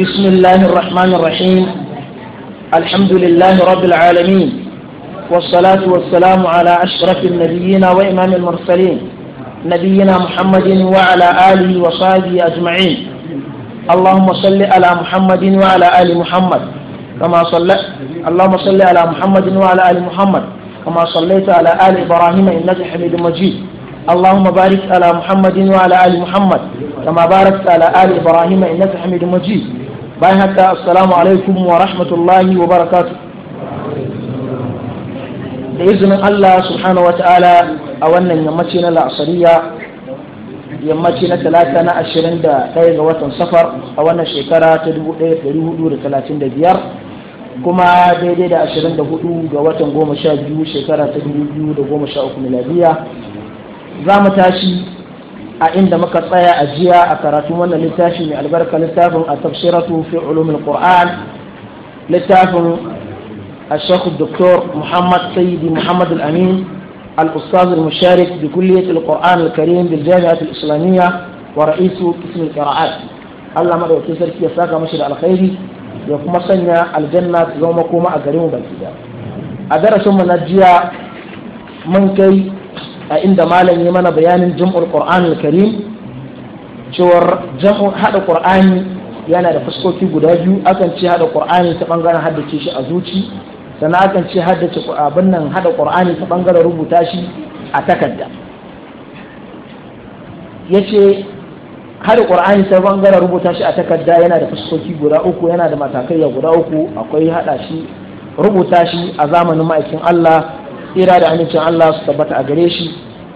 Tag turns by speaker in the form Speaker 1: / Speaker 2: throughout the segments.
Speaker 1: بسم الله الرحمن الرحيم الحمد لله رب العالمين والصلاة والسلام على أشرف النبيين وإمام المرسلين نبينا محمد وعلى آله وصحبه أجمعين اللهم صل على محمد وعلى آل محمد كما صل اللهم صل على محمد وعلى آل محمد كما صليت على آل إبراهيم إنك حميد مجيد اللهم بارك على محمد وعلى آل محمد كما باركت على آل إبراهيم إنك حميد مجيد بايهك السلام عليكم ورحمة الله وبركاته بإذن الله سبحانه وتعالى أولا يمتنا العصرية يمتنا ثلاثة أشرين دا تايغ وطن سفر أولا شكرا تدبو إيه تدبو دور ثلاثين دا بيار kuma daidai da 24 ga watan 12 shekara ta 2013 miladiya za mu tashi a inda muka tsaya a jiya a karatun wannan littafi mai albarka littafin a tafsiratu fi ulumin qur'an littafin a shekhu doktor muhammad sayyid muhammad amin al-ustaz al-musharik bi kulliyatul qur'an al-karim bil jami'at al-islamiyya wa ra'isu qismil qira'at Allah madaukakin sarki ya saka mashi da alkhairi ya kuma sanya aljanna zama koma a garinmu baki da a darasin mu na jiya mun kai a inda malam ya mana bayanin jum'ul qur'an al-karim cewar jam'u hada qur'ani yana da fuskoki guda biyu akan ce hada qur'ani ta bangaren haddace shi a zuci sannan akan ce haddace abin nan hada qur'ani ta bangaren rubuta shi a takarda yace hada qur'ani ta bangaren rubuta shi a takarda yana da fuskoki guda uku yana da matakai guda uku akwai hada shi rubuta shi a zamanin ma'aikin Allah tsira da amincin Allah su tabbata a gare shi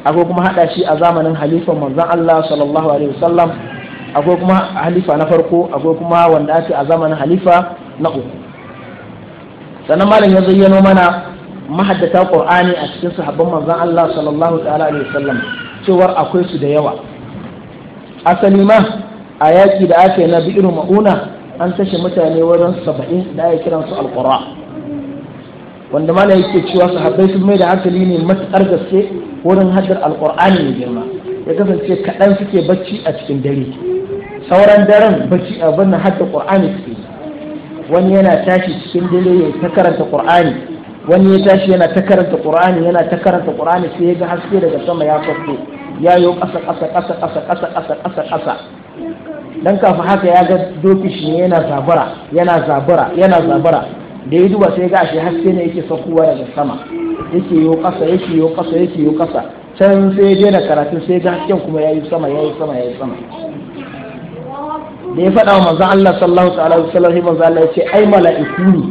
Speaker 1: akwai kuma hada shi a zamanin halifan manzon Allah sallallahu alaihi wasallam akwai kuma halifa na farko akwai kuma wanda ake a zamanin halifa na uku sannan malam ya zayyano mana mahaddata qur'ani a cikin sahabban manzon Allah sallallahu alaihi wasallam cewar akwai su da yawa asali ma a yaki da ake na na bi'ir ma'una an tashi mutane wurin saba'in da ake kiransu alqura wanda mana yake cewa sahabbai sun mai da hankali ne matuƙar gaske wurin hajjar alƙur'ani mai girma ya kasance kaɗan suke bacci a cikin dare sauran daren bacci a bannan hadda ƙur'ani suke wani yana tashi cikin dare ya ta karanta ƙur'ani wani ya tashi yana ta karanta ƙur'ani yana ta karanta ƙur'ani sai ya ga haske daga sama ya fasko ya yi ƙasa ƙasa ƙasa ƙasa ƙasa ƙasa ƙasa ƙasa dan kafin haka ya ga doki shi yana zabara yana zabara yana zabara da ya duba sai ga ashe haske ne yake saukowa daga sama yake yo kasa yake yo kasa yake yo kasa can sai je da karatun sai ga hasken kuma yayi sama yayi sama yayi sama da ya faɗa wa manzon Allah sallallahu ta'ala alaihi wasallam manzo Allah ya ai mala'iku ne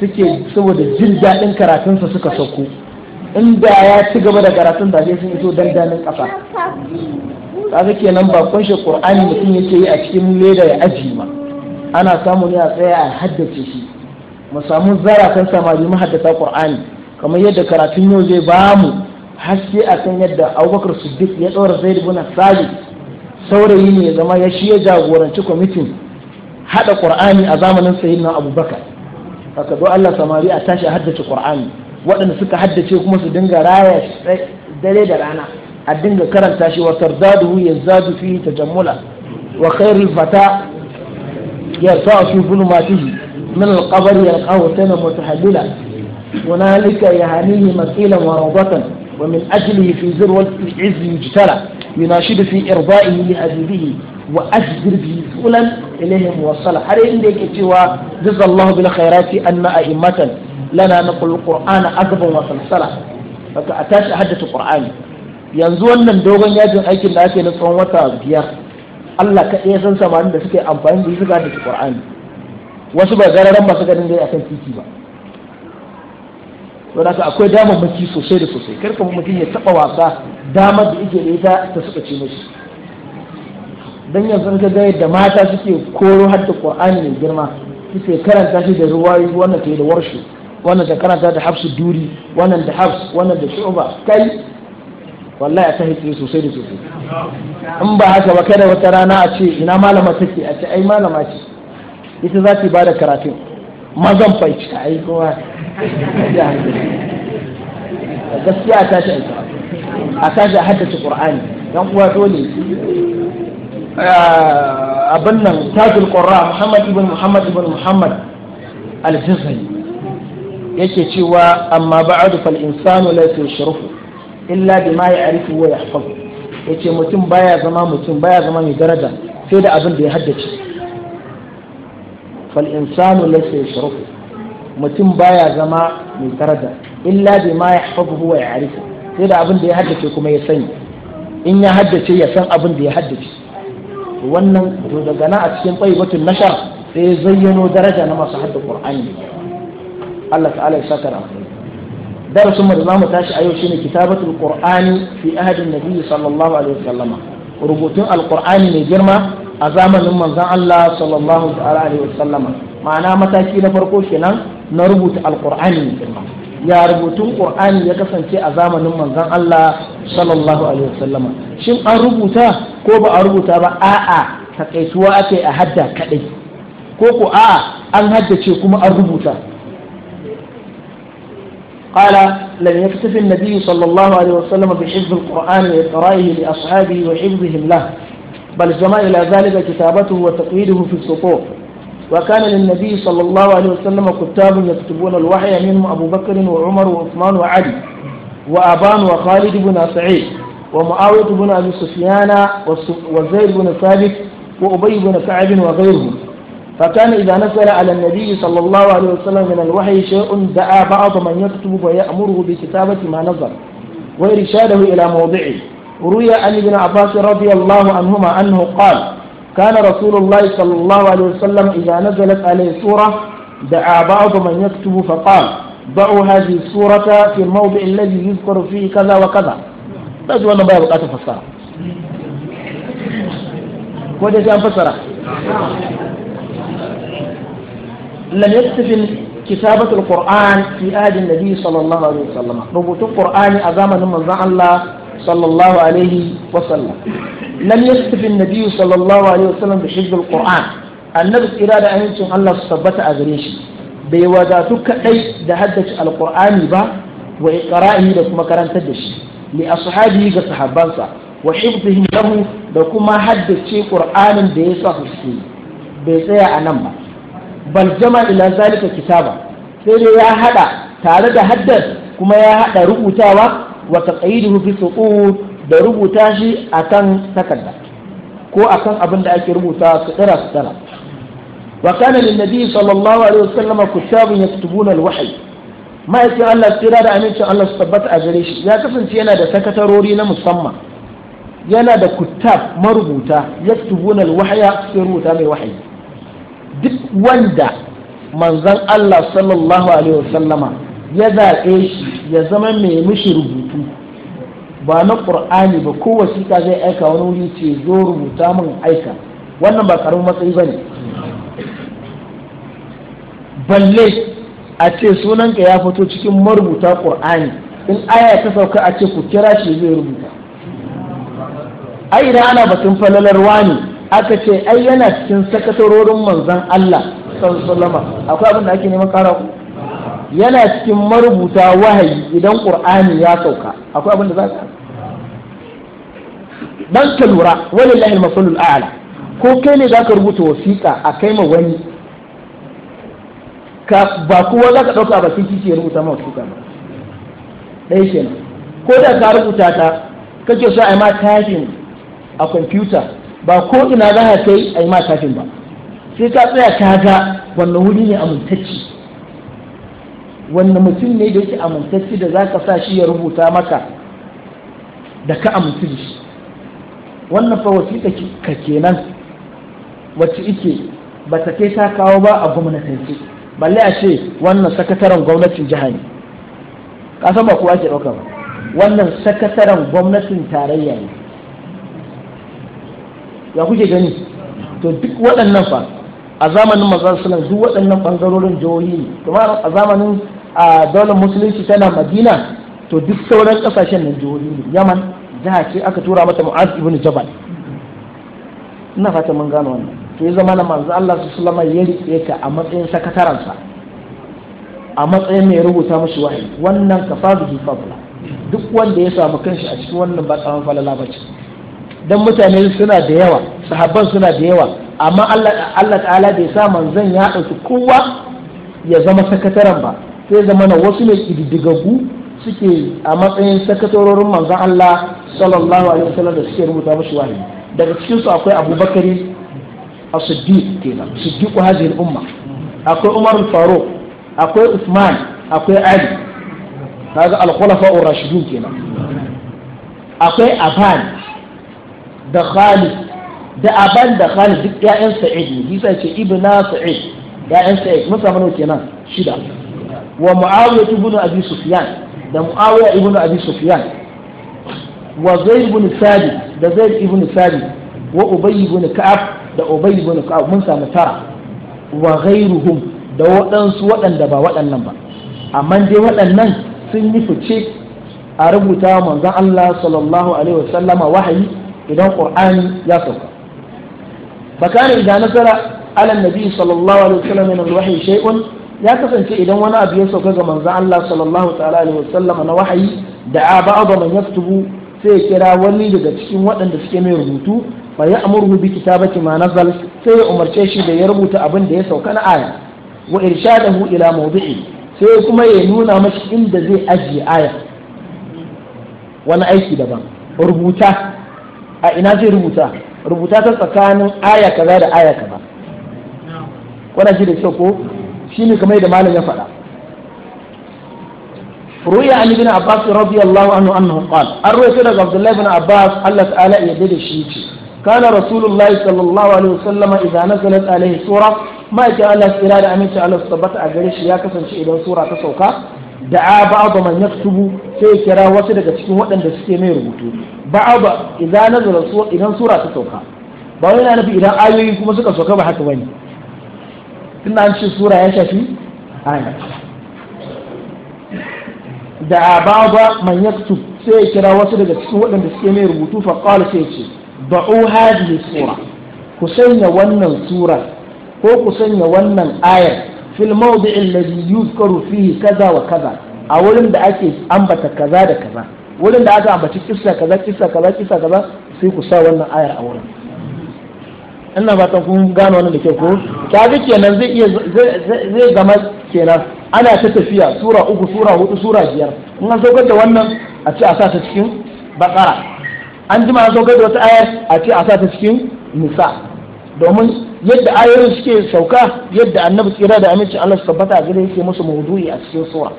Speaker 1: suke saboda jin daɗin karatunsa suka sauko inda ya ci gaba da karatun da sai sun iso dandanin ƙasa ga kenan ba kunshe qur'ani mutum yake yi a cikin leda ya aji ma ana samu ne a tsaya a haddace shi mu samu kan samari mahaddasa qur'ani kamar yadda karatun yau zai ba mu haske akan yadda abubakar siddiq ya ɗora zaid ibn sabi saurayi ne ya zama ya shi ya jagoranci kwamitin Hada qur'ani a zamanin sayyidina abubakar haka do Allah samari a tashi haddace qur'ani waɗanda suka haddace kuma su dinga raya dare da rana a dinga karanta shi wa ya yazadu fi tajammula wa khairul fata yarfa fi zulmatihi من القبر يلقاه سنة متحللة هنالك يهانيه مثيلا وروضة ومن أجله في ذروة العز يجتلى يناشد في إرضائه لأبيه وأجبر به فولا إليه موصلا حرين ديك اتوا جزا الله بالخيرات أن أئمة لنا نقل القرآن أدبا وسلسلة فكأتاش حدة القرآن yanzu wannan dogon yajin aikin da ake na tsawon wata biyar Allah ka iya san samanin da suke amfani da zuga da Qur'ani wasu ba gararan masu ganin dai akan titi ba don haka akwai damar maki sosai da sosai karka mutum ya taba wasa damar da yake da ita ta suka ce mashi dan yanzu ka gaya yadda mata suke koro har da qur'ani mai girma suke karanta shi da ruwayi wannan ta da warshi wannan ta karanta da hafsu duri wannan da hafs wannan da shu'ba kai wallahi a tahi sosai da sosai in ba haka ba kada wata rana a ce ina malama take a ce ai malama ce ita za ta ba da karatun mazan fai cika ai kowa
Speaker 2: gaskiya a tashi
Speaker 1: aiki a tashi a haddace qur'ani dan uwa dole abin nan tajul qurra muhammad ibn muhammad ibn muhammad al-jazari yake cewa amma ba'adu fal insanu la yushrifu illa bima ya'rifu wa yahfazu yace mutum baya zama mutum baya zama mai daraja sai da abin da ya haddace fal insanu laysa yashrufu mutum baya zama mai daraja illa bima yahfazuhu wa ya'rifu sai da abin ya haddace kuma ya sani in ya haddace ya san abinda ya haddace wannan to daga na a cikin tsayibatun nasha sai ya zayyano daraja na masu hadda qur'ani Allah ta'ala ya saka rahmatu darasin mu da zamu tashi a yau shine kitabatul qur'ani fi ahadin nabiy sallallahu alaihi wasallama rubutun mai girma a zamanin manzon Allah sallallahu alaihi wasallama ma'ana mataki na farko kenan na rubuta alqur'ani ya rubutun qur'ani ya kasance a zamanin manzon Allah sallallahu alaihi wasallama shin an rubuta ko ba a rubuta ba a'a takaituwa ake a hadda kadai ko ko a'a an haddace kuma an rubuta قال لم يكتف النبي صلى الله عليه وسلم بحفظ القرآن وإقرائه لأصحابه وحفظهم له بل جمع إلى ذلك كتابته وتقييده في السطور وكان للنبي صلى الله عليه وسلم كتاب يكتبون الوحي منهم أبو بكر وعمر وعثمان وعلي وأبان وخالد بن سعيد ومعاوية بن أبي سفيان وزيد بن ثابت وأبي بن كعب وغيرهم فكان إذا نزل على النبي صلى الله عليه وسلم من الوحي شيء دعا بعض من يكتب ويأمره بكتابة ما نزل وإرشاده إلى موضعه روي عن ابن عباس رضي الله عنهما أنه قال كان رسول الله صلى الله عليه وسلم إذا نزلت عليه سورة دعا بعض من يكتب فقال ضعوا هذه السورة في الموضع الذي يذكر فيه كذا وكذا بس وانا بقى بقى تفسر وده جاء فسر لم يكتف كتابة القرآن في آد النبي صلى الله عليه وسلم ربط القرآن أزامن من الله صلى الله عليه وسلم لم يكتف النبي صلى الله عليه وسلم بحفظ القرآن النبي إرادة أن يكون الله صبت أغريش بيواداتك أي دهدت القرآن با وإقرائه لكم كران تدش لأصحابه كصحابانسا وحفظهم له لكما حدث قرآن بيسا حسين بيسا أنما بل جمع إلى ذلك كتابا sai ya hada tare da haddar kuma ya hada rubutawa wa taqayiduhu fi suqud da rubuta shi akan takarda ko akan abin da ake rubuta su tsira su tsara. wa kana lin nabi sallallahu alaihi wasallam kutabun yaktubuna al-wahyi ma'aikin Allah tsira da amincin Allah su tabbata a gare shi ya kasance yana da sakatarori na musamman yana da kutab marubuta yaktubuna al-wahya su rubuta mai wahayi duk wanda manzon Allah sallallahu alaihi wasallama ya zaɓe shi ya zama mai mishi rubutu ba na ƙur'ani ba ko wasiƙa zai aika wani wuri ce zo rubuta min aika wannan ba karamin matsayi ba ne balle a ce sunanka ya fito cikin marubuta ƙur'ani in aya ta sauka a ce ku kira shi zai rubuta ai idan ana batun falalarwa ne aka ce ai yana cikin sakatarorin manzon Allah sallallahu alaihi wasallam akwai abin da ake neman ƙara ku yana cikin marubuta wahayi idan ƙur'ani ya sauka akwai abin da za ka dan ka lura wani lahil masalul a'ala ko kai ne za ka rubuta wasiƙa a kai ma wani ka ba kowa ka ɗauka ba kici ya rubuta ma wasiƙa ba ke nan ko da ka rubuta ta kake so yi ma tafin a kwamfuta ba ko ina za ka kai yi ma tafin ba sai ka tsaya ka ga wannan wuri ne amintacci wanda mutum ne da yake amintacci da za ka sa shi ya rubuta maka da ka amintu da shi wannan fa wasiƙa ka kenan wacce ike ba ta kai ta kawo ba a gwamnatance balle a ce wannan sakataren gwamnatin jiha ne kasan ba kowa ke ɗauka ba wannan sakataren gwamnatin tarayya ne ya kuke gani to duk waɗannan fa a zamanin manzon sallam duk waɗannan bangarorin jihohi ne kamar a zamanin a daular musulunci tana madina to duk sauran ƙasashen nan jihohi ne yaman jiha ce aka tura mata mu'az ibn jabal ina fata mun gano wannan to ya zama na manzo Allah su alaihi ya rike ka a matsayin sakataransa a matsayin mai rubuta mashi wahayi wannan kafa bihi fadla duk wanda ya samu kanshi a cikin wannan ba tsawon falala ce dan mutane suna da yawa sahabban suna da yawa amma Allah ta'ala bai sa manzon ya ɗauki kowa ya zama sakataren ba sai zama na wasu ne ƙididdigaggu suke a matsayin sakatarorin manzon Allah sallallahu alaihi wasallam da suke rubuta mashi wahayi daga cikin su akwai Abubakar as-Siddiq kenan Siddiq hadhihi al-umma akwai Umar al-Faruq akwai Usman. akwai Ali kaga al-khulafa ar-rashidun kenan akwai Affan da Khalid da Aban da Khalid duk ƴaƴan Sa'id ne bisa ce ibna Sa'id ƴaƴan Sa'id mun samu nawa kenan shida wa Muawiya ibn Abi Sufyan da Muawiya ibn Abi Sufyan wa Zaid ibn Thabit da Zaid ibn Thabit wa Ubay ibn Ka'ab da Ubay ibn Ka'ab mun samu tara wa ghairuhum da waɗansu waɗanda ba waɗannan ba amma dai waɗannan sun yi fice a rubuta manzon Allah sallallahu alaihi wasallama wahayi idan qur'ani ya sauka fakana idan nasara ala nabi sallallahu alaihi wasallam min alwahyi shay'un ya kasance idan wani abu ya sauka ga manzon Allah sallallahu ta'ala alaihi wasallam na wahayi da ba'da man yaktubu sai kira wani daga cikin waɗanda suke mai rubutu fa ya amurhu bi kitabati ma nazal sai ya umarce shi da ya rubuta abin da ya sauka na aya wa irshadahu ila mawdi'i sai kuma ya nuna mashi inda zai ajiye aya wani aiki daban rubuta a ina zai rubuta rubuta ta tsakanin aya kaza da aya kaza wannan shi da kyau ko shi ne kamar da malam ya faɗa ruya an ibn abbas radiyallahu anhu annahu qala an ruya daga abdullahi ibn abbas Allah ta'ala ya da shi yace. kana rasulullahi sallallahu alaihi wasallam idza nazalat alaihi sura ma ja Allah tsira da aminci Allah tabbata a gare shi ya kasance idan sura ta sauka da'a ba'd man yaktubu sai ya kira wasu daga cikin waɗanda suke mai rubutu ba idan nazara su idan sura ta sauka ba wai yana nufi idan ayoyi kuma suka sauka ba haka bane tunda an ce sura ya shafi aya da'a ba man yaktub sai ya kira wasu daga cikin waɗanda suke mai rubutu fa qala sai ya ce da'u hadi sura ku sanya wannan sura ko ku sanya wannan ayar fil mawdi'il ladhi yuzkaru fihi kaza wa kaza a wurin da ake ambata kaza da kaza wurin da aka ambaci kissa kaza kissa kaza kissa kaza sai ku sa wannan ayar a wurin ina ba ta kun gano wannan da ke ko ta ga kenan zai iya zai gama kenan ana ta tafiya sura uku sura hudu sura biyar in an saukar da wannan a ce a sa ta cikin bakara an jima an saukar da wata ayar a ce a sa ta cikin nisa domin yadda ayoyin suke sauka yadda annabi tsira da aminci Allah su tabbata a gare yake musu maudu'i a cikin sura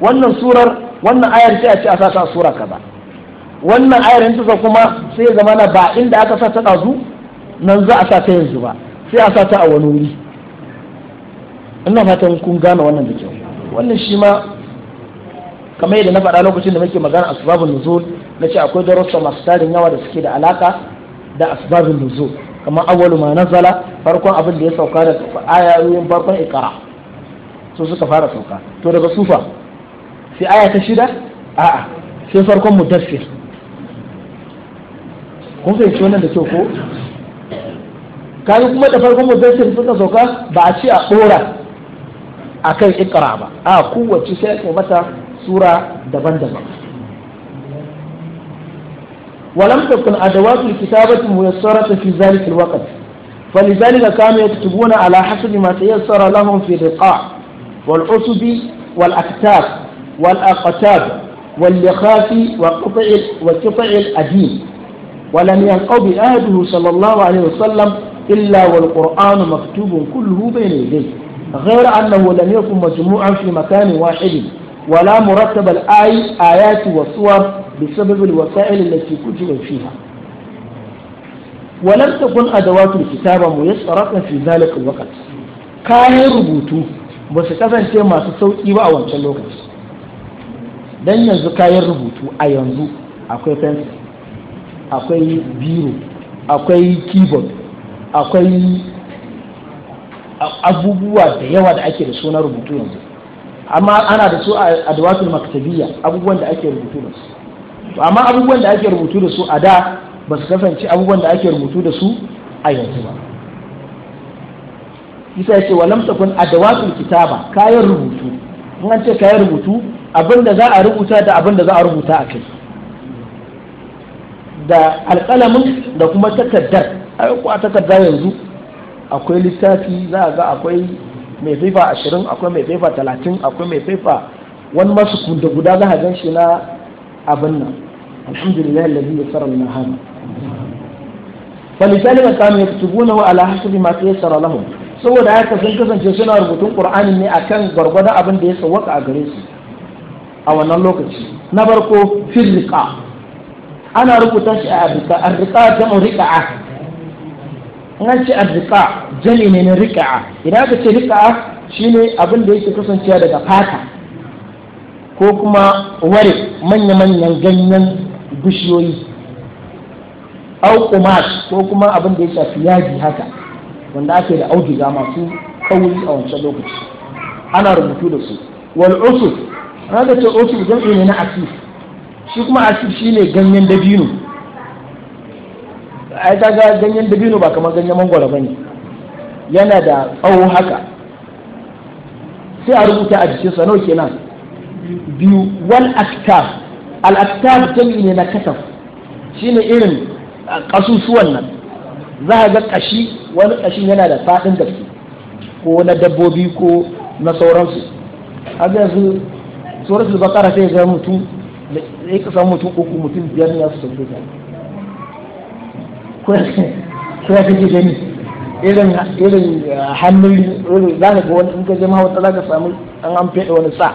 Speaker 1: wannan surar wannan ayar sai a ce a sa ta sura kaza wannan ayar in ta kuma sai zama na ba inda aka sa ta ɗazu nan za a sa ta yanzu ba sai a sa ta a wani wuri ina fatan kun gane wannan da kyau wannan shi ma kamar yadda na faɗa lokacin da muke magana asbabun nuzul na ce akwai darussa masu tarin yawa da suke da alaka da asbabun nuzul kamar awwalu ma nazala farkon abin da ya sauka da ayoyin farkon ikara su suka fara sauka to daga sufa sai aya ta shida a'a sai farkon mudaffir kun fahimci wannan da kyau ko kai kuma da farkon mudaffir suka sauka ba a ce a dora akan ikra ba a kowace sai ake mata sura daban-daban ولم تكن أدوات الكتابة ميسرة في ذلك الوقت فلذلك كانوا يكتبون على حسب ما تيسر لهم في الرقاع والعصب والأكتاف والأقتاب واللخاف وقطع وقطع الأديم ولم ينقض عهده صلى الله عليه وسلم إلا والقرآن مكتوب كله بين يديه غير أنه لم يكن مجموعا في مكان واحد ولا مرتب الآي آيات والصور بسبب الوسائل التي كتب فيها ولم تكن أدوات الكتابة ميسرة في ذلك الوقت كان ربوتو بس كذا شيء ما تسوي إيوه أو أنت الوقت dan yanzu kayan rubutu a yanzu akwai pencil akwai biro akwai keyboard akwai abubuwa da yawa da ake da su rubutu yanzu amma ana da su a adwatul maktabiyya abubuwan da ake rubutu da su to amma abubuwan da ake rubutu da su a da ba su kasance abubuwan da ake rubutu da su a yanzu ba isa ya ce wa lam takun adawatul kitaba kayan rubutu in an ce kayan rubutu abin da za a rubuta da abin da za a rubuta a kai da alƙalamin da kuma takardar aiko a takardar yanzu akwai littafi za a ga akwai mai faifa ashirin akwai mai faifa talatin akwai mai faifa wani masu da guda za a gan shi na abin nan alhamdulillah alladhi yasara lana hada falisalika kanu yaktubunahu ala hasbi ma tayassara lahum saboda haka sun kasance suna rubutun qur'ani ne akan gwargwadon abin da ya sauka a gare su a wannan lokaci na farko fil ana rubuta shi a riqa ar-riqa jam'u riqa'a an ce ar-riqa ne na riqa'a idan aka ce riqa'a shine abin da yake kasancewa daga fata ko kuma ware manya-manyan ganyen bishiyoyi au kumash ko kuma abin da ya shafi yaji haka wanda ake da auduga masu kauri a wancan lokaci ana rubutu da su wal usuf ana ce usuf jam'i ne na asif shi kuma asif shi ne ganyen dabino ai ga ganyen dabino ba kamar ganyen mangwaro ne. yana da tsawo haka sai a rubuta a jikinsa nawa kenan biyu wal aktab al aktab jami'i ne na kataf shine irin kasusuwan nan za a ga kashi wani kashi yana da faɗin gaske ko na dabbobi ko na sauransu haka yanzu ba baqara sai ga mutum da ya samu mutum uku mutum biyar ne ya su sauke ta ko ya kake gani irin irin hannun za ka ga wani in ka je wata za ka samu an an fede wani sa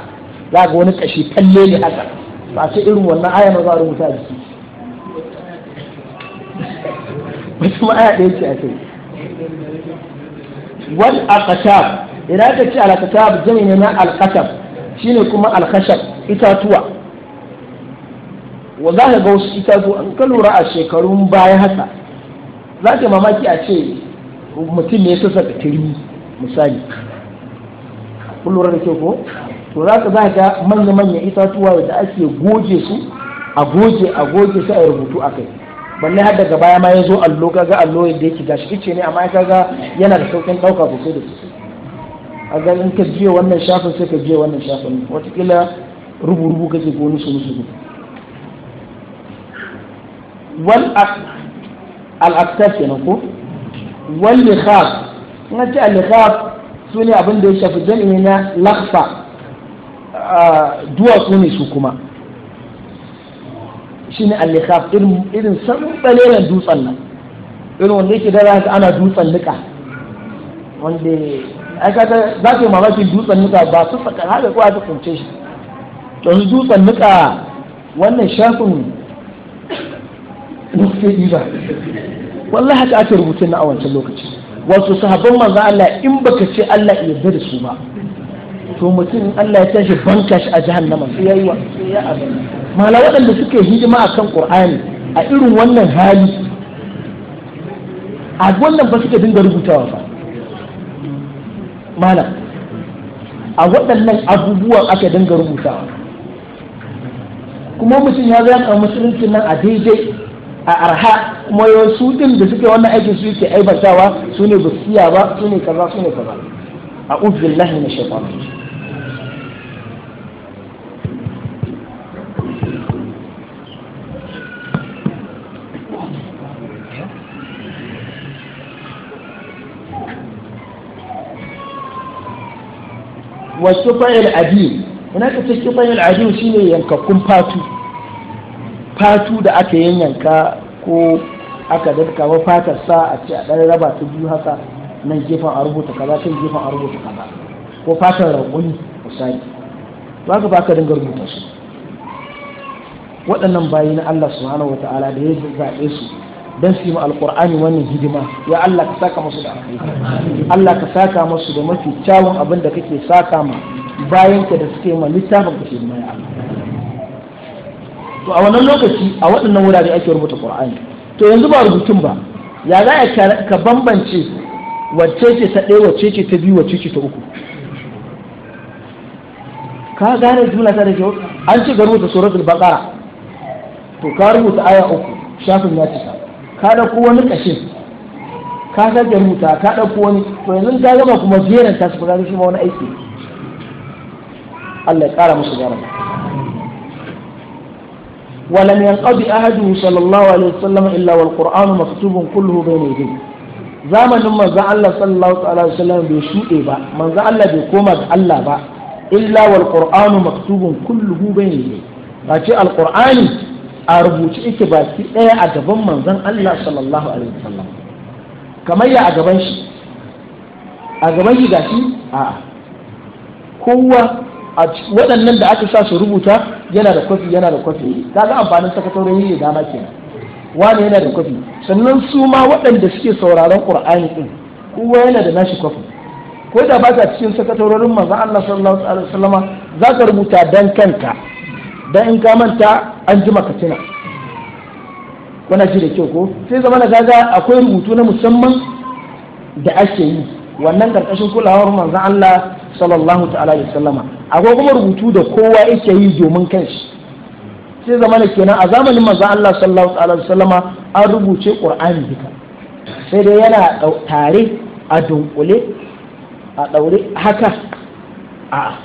Speaker 1: za ga wani kashi kalle ne haka ba sai irin wannan aya na za a rubuta a jiki
Speaker 2: wasu ma'aya ɗaya ce
Speaker 1: a kai wal aqshab idan ka ce al aqshab jami ne na al shi ne kuma al itatuwa wa za ka ga wasu itatuwa an ka lura a shekarun baya haka za ka mamaki a ce mutum ne ya sassa ka turmi misali kun lura da ke ko to za ka za ka manya-manya itatuwa da ake goje su a goje a goje su a rubutu a kai balle har daga baya ma ya zo allo ga allo yadda yake gashi kice ne amma kaga yana da saukin ɗauka sai da su a ga in ka je wannan shafin sai ka je wannan shafin watakila rubu-rubu kake ko su su wal al-aktas kenan ko wal likhaf in ce al-likhaf sune abin da ya shafi jami'i na lakhfa duwatsu ne su kuma shi ne allikaf irin sanɓaleren dutsen nan irin wanda yake da ana dutsen nika wanda aka za ka yi mamakin dutsen nika ba su tsakar haka kuwa ta kunce shi yanzu dutsen nika wannan shafin nufi ba wallahi haka ake rubutun na a wancan lokaci wato sahabban manzan Allah in baka ce Allah ya yarda da su ba to mutum Allah ya tashi banka shi a jahannama sai yayi wa sai ya mala waɗanda suke hidima akan Qur'ani a irin wannan hali a wannan ba suke dinga rubutawa ba mala a waɗannan abubuwan aka dinga rubutawa kuma mutum ya ga a musulunci nan a daidai a arha kuma su din da suke wannan aikin su yake aibatawa su ne ba ba su ne kaza su ne kaza a lahi na shaitan wasu fa'il adi ina ka ce fa'il adi shi ne yankakkun fatu fatu da aka yanyanka ko aka dadka wa fatar sa a ce a ɗan raba ta biyu haka nan gefen a rubuta kaza kan gefen a rubuta kaza ko fatar raƙuni misali ba ka ba ka dinga rubuta su waɗannan bayi na Allah subhanahu wa ta'ala da ya zaɓe su don su yi alkur'ani wannan hidima ya Allah ka saka masu da Allah ka saka masu da mafi kyawun abin da kake saka ma bayan ka da suke ma littafin ka hidima ya to a wannan lokaci a waɗannan wurare ake rubuta qur'ani to yanzu ba rubutun ba ya za a ka bambance wacce ce ta ɗaya wacce ce ta biyu wacce ce ta uku ka gane jimla ta da kyau an ce ga rubuta suratul baqara to ka rubuta aya uku shafin ya cika ka ɗauko wani ƙashin ka sake rubuta ka ɗauko wani to yanzu ta gama kuma jeran ta su fi shi ma wani aiki Allah ya ƙara musu gara ولم ينقض أحده صلى الله عليه وسلم إلا والقرآن مكتوب كله بين يديه زمن من زعل الله صلى الله عليه وسلم بشوء با من زعل بكوم الله با إلا والقرآن مكتوب كله بين يديه القرآن a rubuce ita baki ɗaya a gaban manzon Allah sallallahu alaihi wasallam kamar ya a gaban shi a gaban shi gashi a kowa a waɗannan da aka sa su rubuta yana da kwafi yana da kwafi kaga amfanin sakatorori ne dama kenan wani yana da kwafi sannan su ma waɗanda suke sauraron qur'ani din kowa yana da nashi kwafi ko da ba ta cikin sakatorin manzon Allah sallallahu alaihi wasallama za ka rubuta dan kanka dan in ka manta an jima ka tuna wannan shi da kyau ko sai zama na gaga akwai rubutu na musamman da ake yi wannan karkashin kulawar manzo Allah sallallahu ta'ala alaihi sallama akwai kuma rubutu da kowa yake yi domin kanshi sai zama na kenan a zamanin manzo Allah sallallahu ta'ala alaihi sallama an rubuce qur'ani duka sai dai yana tare a dunkule a daure haka a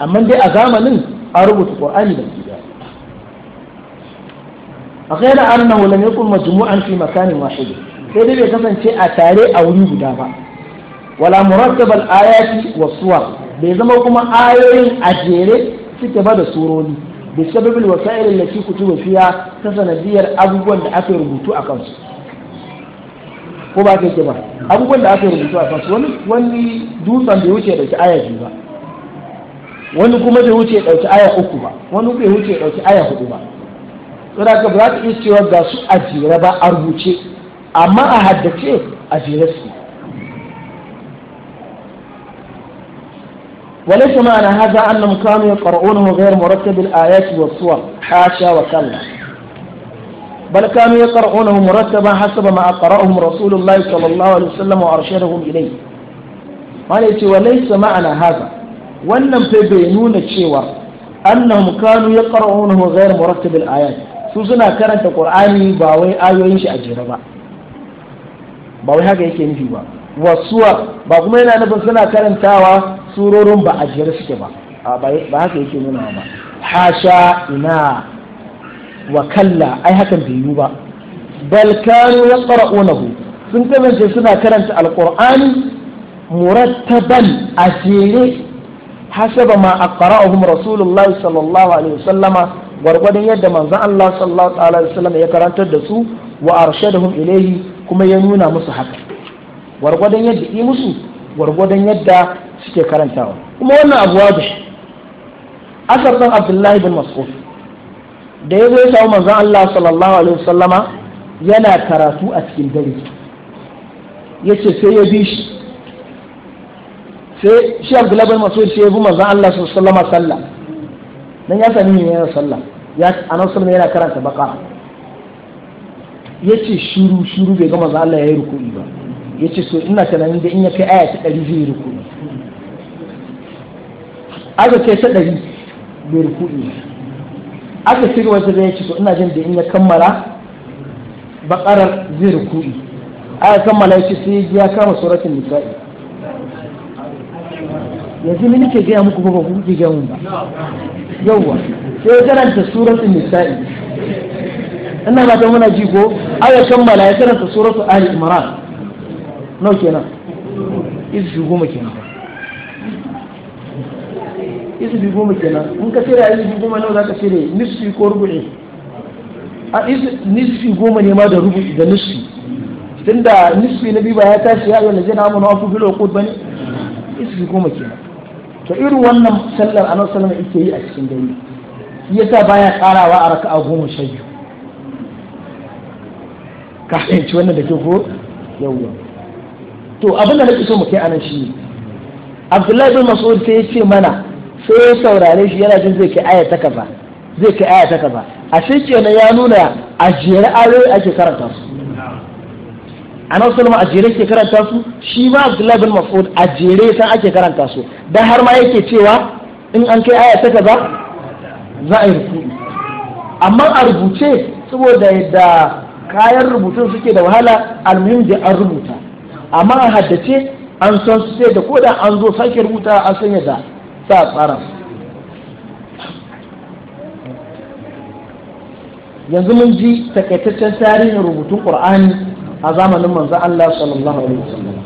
Speaker 1: amma dai a zamanin an rubuta qur'ani da ke غير أنه لم يكن مجموعا في مكان واحد sai dai bai kasance a tare a wuri guda ba wala murattabal ayati wa suwar bai zama kuma ayoyin a jere suke ba da surori bi sababil wasa'il abubuwan da rubutu a ko ba kai ba abubuwan da aka rubutu a kan wani wani dutsen bai wuce dauki aya biyu ba wani kuma bai wuce dauki aya uku ba wani bai wuce dauki aya hudu ba saboda ka ba za ka iya cewa ga su a jere ba a rubuce amma a haddace a jere su وليس معنى هذا أنهم كانوا يقرؤونه غير مرتب الآيات والصور حاشا وكلا بل كانوا يقرؤونه مرتبا حسب ما أقرأهم رسول الله صلى الله عليه وسلم وأرشدهم إليه وليس وليس معنى هذا ولم تبينون الشيوى أنهم كانوا يقرؤونه غير مرتب الآيات su suna karanta qur'ani ba wai ayoyin shi a jere ba ba wai haka yake nufi ba wasuwa ba kuma yana nufin suna karantawa surorin ba a jere suke ba ba haka yake nuna ba hasha ina wa kalla ai hakan bai yi ba bal kanu yaqra'unahu sun kamance suna karanta alqur'ani murattaban a jere hasaba ma aqra'ahum rasulullahi sallallahu alaihi wasallama gwargwadon yadda manzan Allah sallallahu alaihi wasallam ya karantar da su wa arshadahum ilaihi kuma ya nuna musu haka gwargwadon yadda yi musu gwargwadon yadda suke karantawa kuma wannan abu wajibi asar dan Abdullahi bin Mas'ud da ya zo ya samu Allah sallallahu alaihi wasallama yana karatu a cikin dare yace sai ya bi shi sai shi Abdullahi bin Mas'ud sai ya bi manzan Allah sallallahu alaihi wasallama sallah dan ya sami ne yana sallah ya annabi sallallahu yana karanta baka yace shiru shiru bai gama za Allah ya yi ruku'i ba yace so ina tunanin da in ya kai aya ta 100 zai ruku'i aka ce ta 100 bai ruku'i aka shiga wata da yace so ina jin da in ya kammala bakarar zai ruku'i aya kammala yace sai ya kama suratul nisa'i yanzu ni nake gaya muku ba ku kuke gaya mun ba yawwa sai karanta suratul nisa'i
Speaker 2: ina ba ta muna ji ko aya kammala
Speaker 1: ya karanta suratul ali imran nau kenan izu goma kenan izu goma kenan in ka tsira izu goma nawa ka tsire nisfi ko rubu'i a nisfi goma ne ma da rubu'i da nisfi tunda nisfi na biyu ba ya tashi ya yi na jina amana wasu filo ko bane izu goma kenan to irin wannan sallar a nan sallar yake yi a cikin dare yasa baya karawa a raka'a goma sha biyu ka fahimci wannan da ke ko yau to abin da nake so mu kai anan shi ne. Abdullahi bin Mas'ud sai ya ce mana sai ya saurare shi yana jin zai kai aya ta kaza zai kai aya ta kaza a shi kenan ya nuna a jere ayoyi ake karanta su anan sulma a jere ke karanta su shi ma abdullahi bin mas'ud a jere san ake karanta su dan har ma yake cewa in an kai aya ta kaza za a yi amma a rubuce saboda yadda kayan rubutun suke da wahala almuhim da an rubuta amma a haddace an san su sai da koda an zo sake rubuta a san yadda za tsara yanzu mun ji takaitaccen tarihin rubutun qur'ani a zamanin manzo Allah sallallahu alaihi wasallam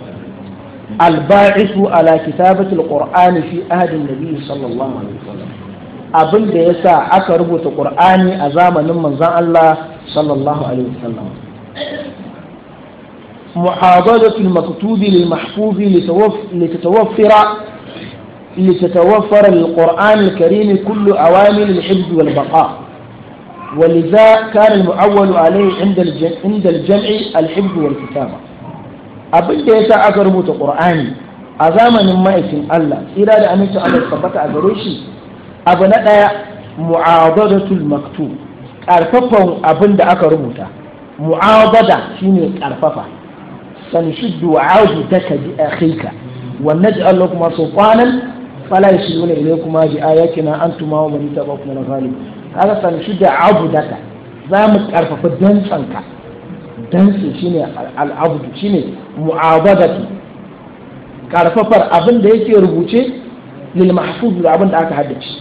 Speaker 1: al-ba'isu ala kitabati al-qur'ani fi ahdi an-nabi sallallahu alaihi wasallam abin da yasa aka rubuta qur'ani a zamanin manzon Allah sallallahu alaihi wasallam محاضرة المكتوب للمحفوظ لتتوفر لتتوفر للقرآن الكريم كل عوامل الحفظ والبقاء ولذا كان المعول عليه عند الجمع عند الجمع الحفظ والكتابه abin da sa aka rubuta qur'ani a zamanin ma'aikin Allah tsira da aminci Allah tabbata a gare shi abu na daya mu'adadatul maktub karfafan abin da aka rubuta mu'adada shine karfafa sanshiddu wa'adaka bi akhika wa naj'al lakum sultanan fala yashiluna ilaykum bi ayatina antuma wa man tabi'akum al-ghalibun kaga san shi da abu daga za mu karfafa dantsanka dantsi ne al'abudu ne mu'abadatu karfafar abin da yake rubuce lil mahfuz da abin da aka haddace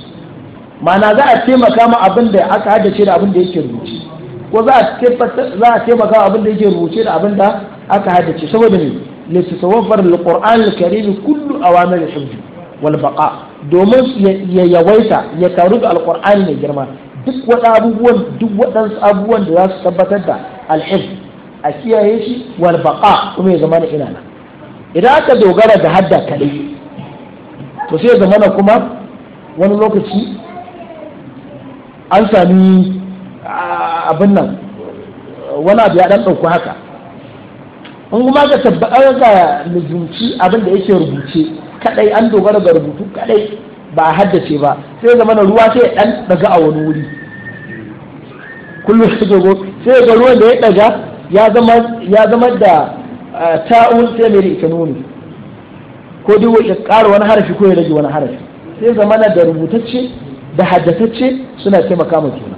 Speaker 1: ma'ana za a taimaka ma abin da aka haddace da abin da yake rubuce ko za a taimaka abin da yake rubuce da abin da aka haddace saboda ne littattafan alquran alkarim kullu awamil hifz wal baqa' domin ya yawaita ya taru da alkur'ani mai girma duk duk waɗansu abubuwan da za su tabbatar da alhif a kiyaye shi wal baqa kuma ya zama na ina idan aka dogara da hadda kaɗai to sai ya zama na kuma wani lokaci an sami abin nan wani abu ya ɗan ɗauku haka in kuma ka tabbatar da lizunci abin da yake rubuce Kaɗai an dogara ga rubutu kaɗai. ba a haddace ba sai zama na ruwa sai dan daga a wani wuri kullum sai sai ga ruwan da ya ɗaga ya zama da ta'un sai mai ita nuni ko duk ya ƙara wani harafi ko ya rage wani harafi sai zama na da rubutacce da haddatacce suna taimaka ma juna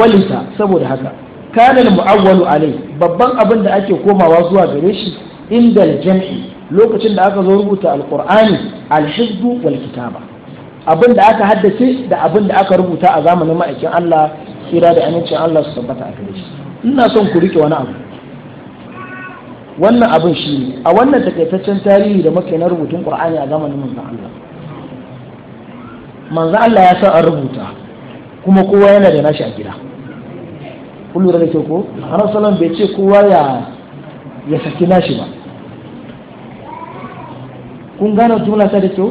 Speaker 1: walita saboda haka Kanin muawwalu alai babban abin da ake komawa zuwa gare shi inda jam'i lokacin da aka zo rubuta alqur'ani alhizbu wal kitaba abin da aka haddace da abin da aka rubuta a zamanin ma'aikin Allah tsira da amincin Allah su tabbata a gare shi ina son ku rike wani abu wannan abin shi ne a wannan takaitaccen tarihi da muke na rubutun qur'ani a zamanin manzon Allah manzon Allah ya san an rubuta kuma kowa yana da nashi a gida kullu da ke ko annabi bai ce kowa ya ya saki nashi ba kun gane jumla ta da kyau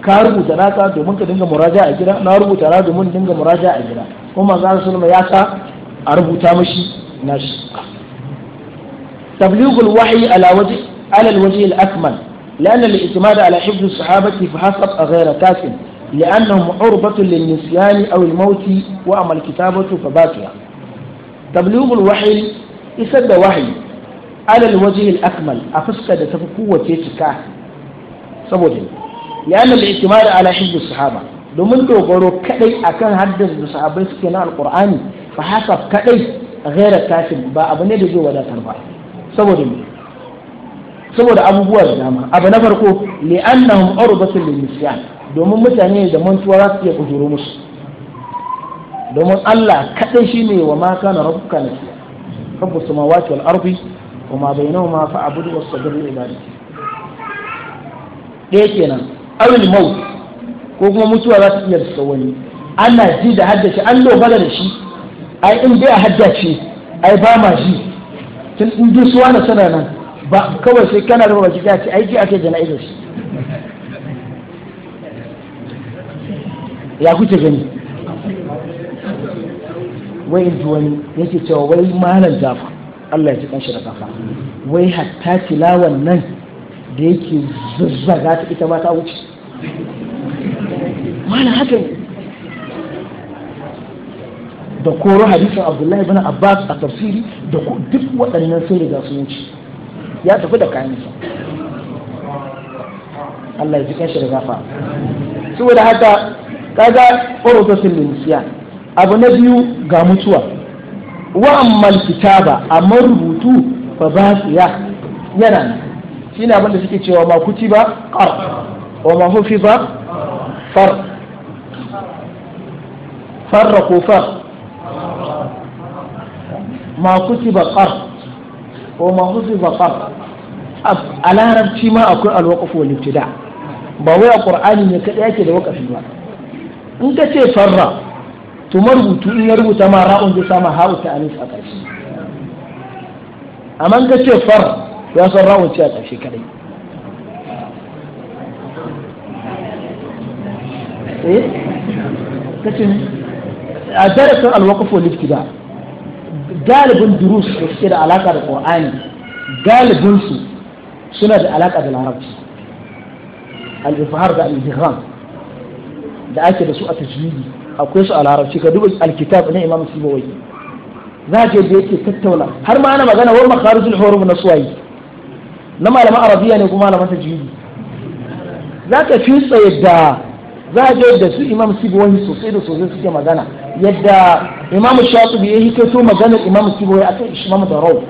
Speaker 1: ka rubuta naka domin ka dinga muraja a gida na rubuta na domin dinga muraja a gida kuma za su ya sa a rubuta mashi nashi tablighul wahyi ala wajhi ala alwajhi alakmal لأن الاعتماد على حفظ الصحابة فحسب a كاف لأنهم عربة للنسيان أو الموت وأما الكتابة فباقية تبليغ الوحي إسد وحي على الوجه الأكمل أفسك تفكو وتيتكاه saboda ni ya nan da ala hizbus sahaba domin dogaro kadai akan haddasa da sahabbai suke na alqur'ani fa haka kadai ghaira kafin ba abu ne da zai wadatar ba saboda ni saboda abubuwa da dama abu na farko li'annahum urbatul linisyan domin mutane da mantuwa za su iya kujuru musu domin Allah kadai shine wa ma kana rabbuka nasiya rabbus samawati wal ardi وما بينهما فاعبدوا واستغفر لعبادتي ɗaya kenan awil maut ko kuma mutuwa za ta iya riska wani ana ji da haddace an dogara da shi ai in dai a haddace ai ba ma ji tun in ji suwa na sana nan ba kawai sai kana da baki ka ce aiki ake jana'izar shi
Speaker 2: ya kuke gani
Speaker 1: wai in ji wani yake cewa wai malam jafa Allah ya ji kanshi da kafa wai hatta tilawan nan da yake zazzaga ta ita mata wuce mana haka ne da koro hadisin abdullahi bin abbas a tafsiri da duk waɗannan sun riga sun wuce ya tafi da kayansa
Speaker 2: Allah ya ji kanshi da
Speaker 1: gafa saboda haka kaga ƙorotosin linsiya abu na biyu ga mutuwa wa'an malkita kitaba amma rubutu fa ba yana shine abin da suke cewa ma kuti ba qar wa ma hufi ba far
Speaker 2: farraqu fa
Speaker 1: ma kuti ba qar wa ma hufi ba qar a larabci ma akwai alwaqf wal ibtida ba wai a qur'ani ne kadai yake da waqafi ba in ka ce farra to marubutu in ya rubuta ma ra'un zai sama ha'u ta anis a ƙarshe amma in ka ce far ya san rawaci a ƙarshe kadai
Speaker 2: eh kacin a darasin alwakaf
Speaker 1: wal ibtida galibin durus da suke da alaka da qur'ani galibin su suna da alaka da larabci al-ifhar da al-ihram da ake da su a tajwidi akwai su a larabci ka duba alkitab na imam sibawai za ka je yake tattauna har ma ana magana wa makharijul huruf na suwayi na malaman arabiya ne kuma malaman tajwidi za ka fi yadda za a yadda su imam sibuwai sosai da sosai suke magana yadda imam shatubi ya yi kaito maganar imam sibuwai a kan ishmam da rau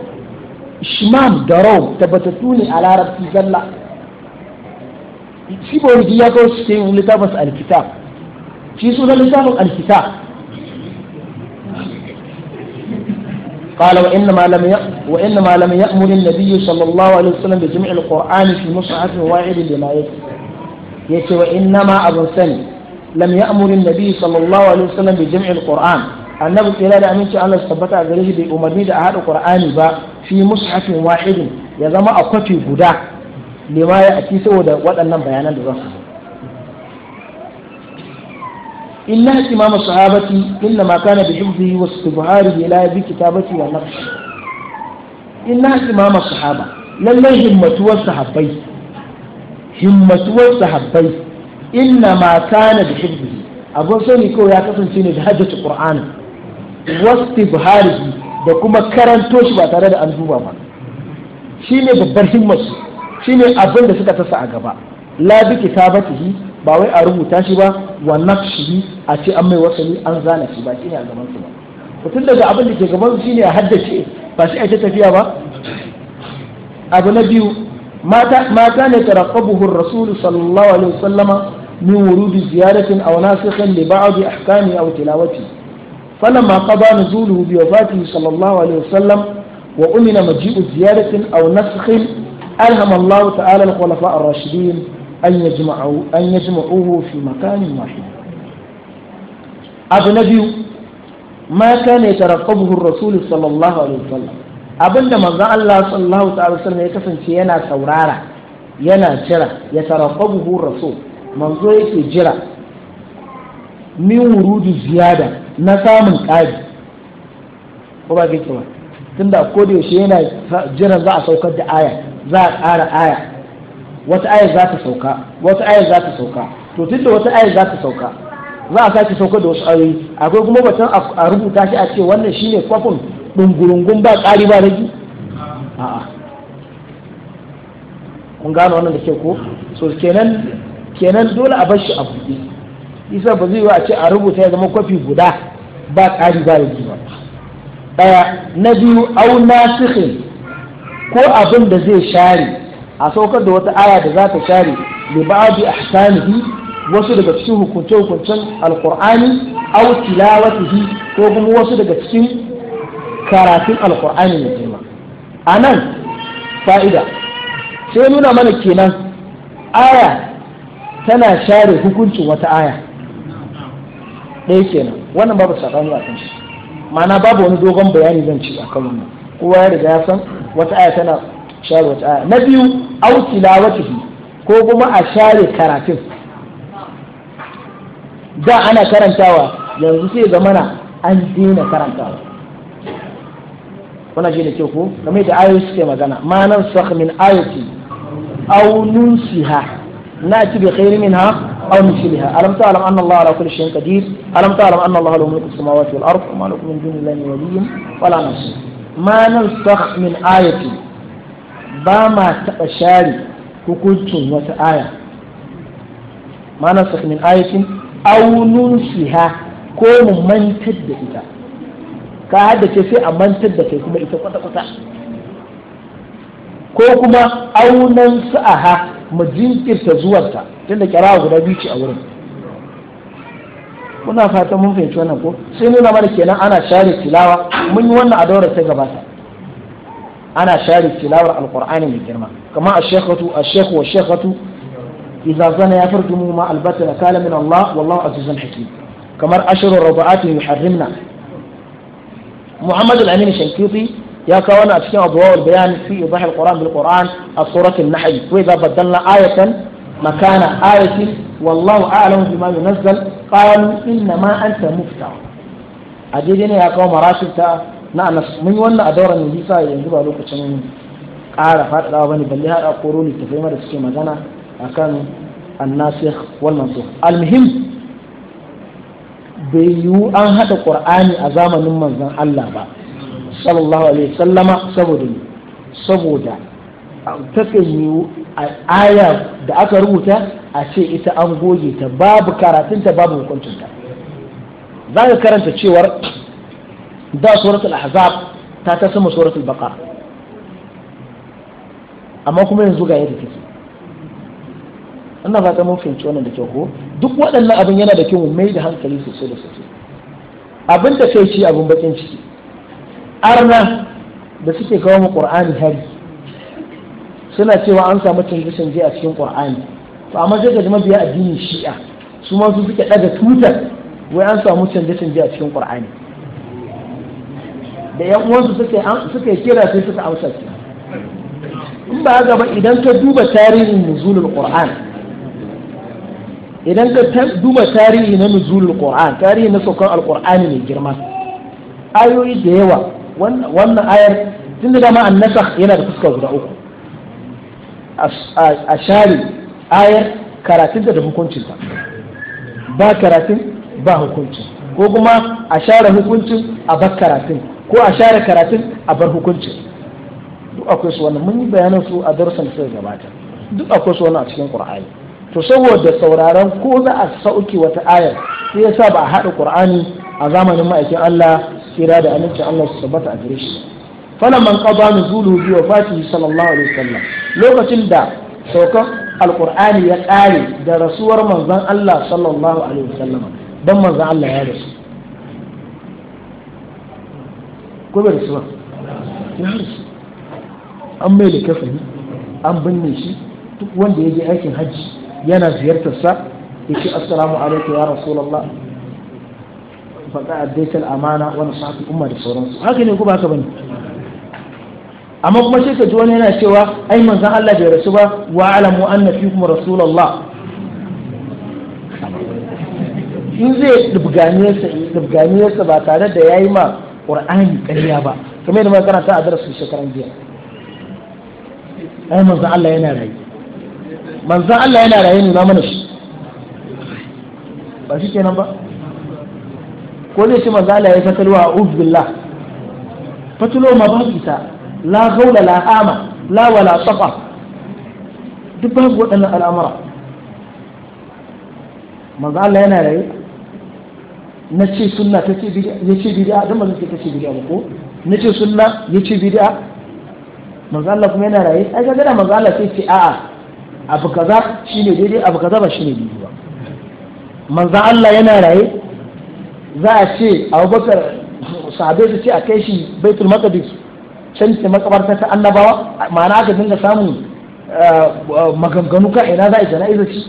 Speaker 1: ishmam da rau tabbatattu ne a larabci zalla sibuwai ya kawo su ke yi littafin alkitab shi sunan littafin alkitab قال وإنما لم وإنما لم يأمر النبي صلى الله عليه وسلم بجمع القرآن في مصحف واحد لما يكفي وإنما أبو سني لم يأمر النبي صلى الله عليه وسلم بجمع القرآن annabi tsira da aminci Allah su tabbata a gare shi bai umarni da a haɗa Qur'ani ba fi mushafin wahidin ya zama a kwafi guda lima ya aki saboda waɗannan bayanan da zan إلا اهتمام الصحابة إنما كان بحفظه واستبهاره لا بكتابته ونقشه إلا اهتمام الصحابة لله همة والصحابي همة والصحابي إنما كان بحفظه أبو سوني كو يا كسن سيني بحجة القرآن واستبهاره da kuma karanto shi ba tare da an duba ba shi ne babbar himmarsu shi ne abin da suka tasa a gaba la bi kitabatihi ba wai a rubuta shi ba wa nafsihi a ce an mai wasali an zana shi ba shine a gaban su ba tun daga abin da ke gaban su ne a haddace ba shi ake tafiya ba abu na biyu mata ne taraqqabuhu ar-rasul sallallahu alaihi wasallama min wurudi ziyaratin aw nasikhin li ba'd ahkami aw tilawati فلما قضى نزوله بوفاته صلى الله عليه وسلم وأمن مجيء زيارة أو نسخ ألهم الله تعالى الخلفاء الراشدين an yi yajma'uhu fi makanin wahid abu na biyu Mata ne, yatarattabuhu ar-rasul sallallahu alaihi wasallam abinda manzo Allah sallallahu ta'ala wasallam ya kasance yana saurara yana jira ya tarattabuhu ar-rasul manzo yake jira min wurudu ziyada na samun ƙari ko ba ke ba tunda ko da yaushe yana jiran za a saukar da aya za a ƙara aya wata ayar za ta sauka wata ayar za ta sauka to tun da wata ayar za ta sauka za a sake sauka da wasu ayoyi akwai kuma batun a rubuta shi a ce wannan shine kwafin dungurungun ba ƙari ba ji? a'a kun gano wannan da ke ko so kenan kenan dole a bar shi a buɗe isa ba zai yi a ce a rubuta ya zama kwafi guda ba ƙari ba ji ba ɗaya na biyu au nasihin ko abin da zai share a saukar da wata aya da za ta share li ba'di ahsanihi wasu daga cikin hukunce-hukuncen alkur'ani au tilawatihi ko kuma wasu daga cikin karatun alkur'ani na jima a nan fa'ida sai nuna mana kenan aya tana share hukuncin wata aya ɗaya kenan wannan babu saɓani a kan shi ma'ana babu wani dogon bayani zan ci a kan wannan kowa ya riga ya san wata aya tana sharu ta na biyu au tilawatihi ko kuma a share karatun da ana karantawa yanzu sai ga mana an dina karantawa kuna ji da ke ko game da ayoyi suke magana Manan nan sakh min ayati aw nunsiha na ci bi khairi minha aw misliha alam ta'lam anna Allah ala kulli shay'in qadir alam ta'lam anna Allah lahu mulku samawati wal ardi wa ma lakum min dunillahi min waliyyin wala nasir ma nan sakh min ayati ba ma taɓa share hukuncin wata aya manasa min ayatin aunun siha ko mu mantar da ita ka haddace sai a mantar da kai kuma ita kwata-kwata ko kuma aunan sa'aha mu jinkirta zuwarta tunda kira guda biyu ce a wurin kuna fatan mun fahimci wannan ko sai nuna mana kenan ana share tilawa mun yi wannan a daura ta gabata ana share tilawar alqur'ani mai girma kama ash-shaykhatu ash-shaykhu wash-shaykhatu idza zana yafrdumu ma albatana kala min Allah wallahu azizun hakim kamar ashrul rabaatin yuharrimna Muhammad al-Amin Shankiti ya kawo na cikin abuwar bayan fi idah al-Qur'an bil Qur'an a suratul Nahl wa idza badalna ayatan makana ayatin wallahu a'lamu bima yunazzal qalu inna ma anta muftar a daidai ne ya kawo marashita na anas mun yi wannan a dauran yanzu sa yanzu ba lokacin ƙara faɗaɗawa bane balle haɗa koro ne tafai mara suke magana akan annasir wannan su almuhim bai yiwu an haɗa ƙur'ani a zamanin manzon Allah ba sallallahu alaihi sallama saboda saboda takan yiwu a aya da aka rubuta a ce ita an goge ta babu karatunta babu hukuncinta za ka karanta cewar da suratul ahzab ta ta sama suratul baqara amma kuma yanzu ga yadda take ina fata mun fahimci wannan da kyau ko duk waɗannan abin yana da kyau mu mai da hankali sosai da sosai abin da kai ci abin bakin ciki
Speaker 2: arna
Speaker 1: da suke kawo mu qur'ani hari suna cewa an samu canje-canje a cikin qur'ani to amma sai ga mabiya addinin shi'a su ma su suke daga tutar wai an samu canje-canje a cikin qur'ani da yan uwansu suka kira sai suka ausa su. in ba gaba ba idan ka duba tarihin nuzulul qur'an idan ka duba tarihi na nuzulul qur'an tarihi na sokan alqur'ani mai girma ayoyi da yawa wannan ayar tun da dama annasa yana da fuska guda uku a share ayar karatun da hukuncin ba karatun ba hukuncin ko kuma a share hukuncin a bakkaratin karatun ko a share karatun a bar hukuncin duk akwai su wannan mun yi bayanan su a darussan da suka gabata duk akwai su wannan a cikin qur'ani to saboda sauraron ko za a sauke wata ayar sai yasa ba a haɗa qur'ani a zamanin ma'aikin Allah kira da amincin Allah su tabbata a gare shi falan man qada nuzulu bi wafatihi sallallahu alaihi wasallam lokacin da saukan alqur'ani ya kare da rasuwar manzon Allah sallallahu alaihi wasallam dan manzon Allah ya rasu ko bai su ba ya harsu an mai da kafani an binne shi duk wanda ya je aikin hajji yana ziyartar sa ya ce assalamu alaikum ya rasulullah faɗa addaitar amana wani sa'afi umma da sauransu haka ne ku ba ka bane amma kuma sai ka ji wani yana cewa ai manzon Allah bai rasu ba wa alamu anna fikum rasulullah in zai dubganiyarsa ba tare da ya yi ma qur'ani ƙarya ba kamar yadda makaranta a su shekaran biyar ai manzan Allah yana rayu manzan Allah yana rayu nuna mana shi ba shi kenan ba ko zai shi manzan Allah ya fatalwa a uzbillah fatulo ma ba ita la gaula la ama la wala tsafa duk babu waɗannan al'amura manzan Allah yana rayu na ce suna ta ce bid'a ya ce bidiya dan manzo ta ce bid'a ko na ce suna ya ce bid'a manzo Allah kuma yana raye ai ga manzo Allah sai ce a'a abu kaza shine daidai abu kaza ba shine daidai ba manzo Allah yana raye za a ce Abubakar sahabe su ce a kai shi Baitul Maqdis can ce makabarta ta annabawa ma'ana aka dinga samun eh, maganganu ka ina za a jana'iza shi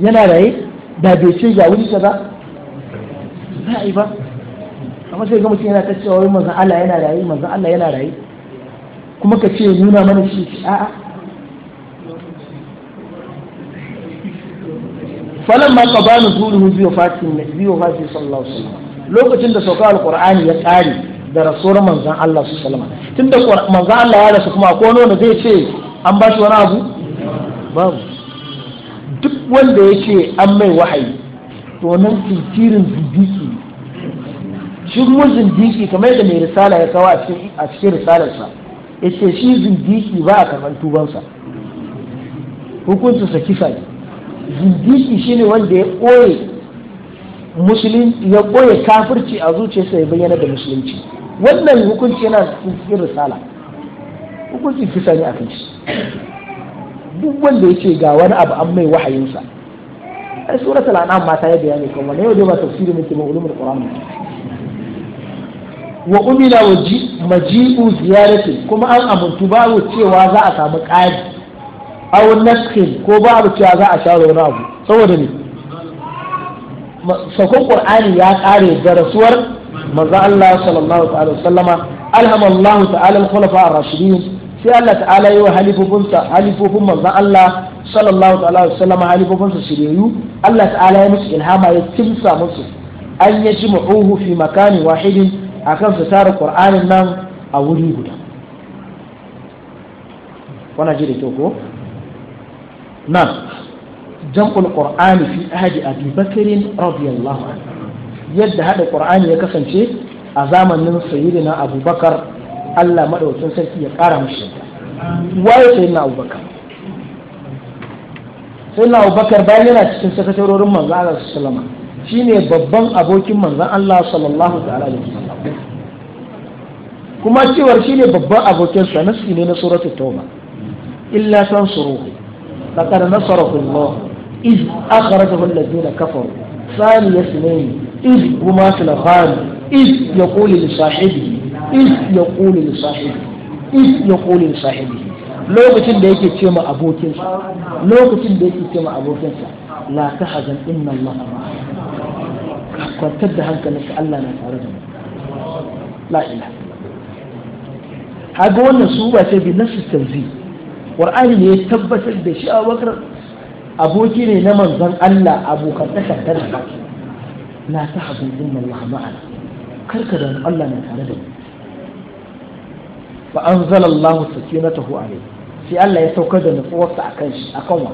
Speaker 1: yana raye da bai ce ga wuri kaza sa'i ba amma sai ga mutum yana ta cewa wai manzon Allah yana raye manzon Allah yana raye kuma ka ce nuna mana shi a'a
Speaker 2: falan ma ka bani
Speaker 1: zuluhu biyo fatin biyo fatin sallallahu alaihi wasallam lokacin da sauka alqur'ani ya kare da rasuwar manzon Allah alaihi wasallam tunda manzon Allah ya rasu kuma ko nono zai ce an ba shi wani abu babu duk wanda yake an mai wahayi to wannan tinkirin shi kuma zindiki kamar yadda mai risala ya kawo a cikin risalarsa ya ce shi zindiki ba a karɓar tubansa hukuncinsa kisa ne zindiki ne wanda ya ɓoye musulun ya ɓoye kafirci a zuciyarsa ya bayyana da musulunci wannan hukunci yana cikin risala hukuncin kisa ne a kan shi duk wanda ya ce ga wani abu an mai wahayinsa ai suratul an'am ma ta yi bayani kuma ne yau dai ba tafsiri muke ba ulumul qur'an wa umila waji maji'u ziyarati kuma an amintu babu cewa za a samu ƙari aw nakhin ko babu cewa za a share wani abu saboda ne sakon qur'ani ya kare da rasuwar manzo Allah sallallahu alaihi wasallama Alhamdulillah. ta'ala al-khulafa ar-rashidin sai Allah ta'ala yi wa halifofin manzan Allah sallallahu alaihi wasallam halifofinsa shiryayyu Allah ta'ala ya musu ilhama ya kimsa musu an ya ji ma'uhu fi makani wahidin akan su tara qur'anin nan a wuri guda wana ji da kyau ko nan jam'ul qur'ani fi ahadi a bakrin radiyallahu anhu yadda hada qur'ani ya kasance a zamanin sayyidina abubakar Allah madaukakin sarki ya ƙara mishi waye sai na abubakar sai na abubakar bayan yana cikin sakatarorin manzan Allah su salama shi ne babban abokin manzan Allah sallallahu ta'ala da kuma cewar shi ne babban abokin sa nasi ne na suratul tauba illa tansuruhu laqad nasarahu Allah iz akhrajahu alladhina kafaru ثاني اثنين إذ هما في الغار إذ يقول لصاحبه إذ يقول لصاحبه إذ يقول لصاحبه lokacin da yake ce ma abokinsa lokacin da yake ce ma abokinsa la ta hazan ina Allah ma kwantar da hankali ka Allah na tare da mu la ila haga wannan su ba sai bi nasu tanzi qur'ani ne ya tabbatar da shi a abubakar aboki ne na manzan Allah abokan takardar la ta hazan ina Allah ma'ana karka da Allah na tare da mu fa anzala Allah sakinatahu alayhi sai Allah ya saukar da nutsuwarsa akan shi akan wa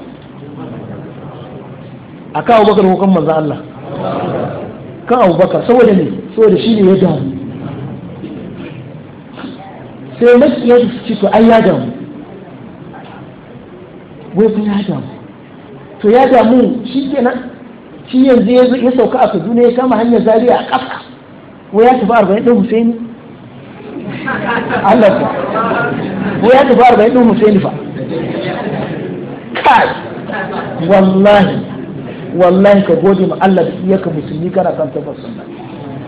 Speaker 1: akan Abubakar ko kan manzo Allah kan Abubakar saboda ne saboda shi ne ya damu sai makiya su ci to ai ya damu wai fa ya damu to ya damu shi kenan shi yanzu ya sauka a Kaduna ya kama hanyar Zariya a ƙasa wai ya tafi arba'in ɗin Husaini
Speaker 2: Allah ku ko ya tafi arba'in ɗin Hussein fa kai wallahi
Speaker 1: wallahi ka gode ma Allah da ka musulmi kana kan tabbas sunna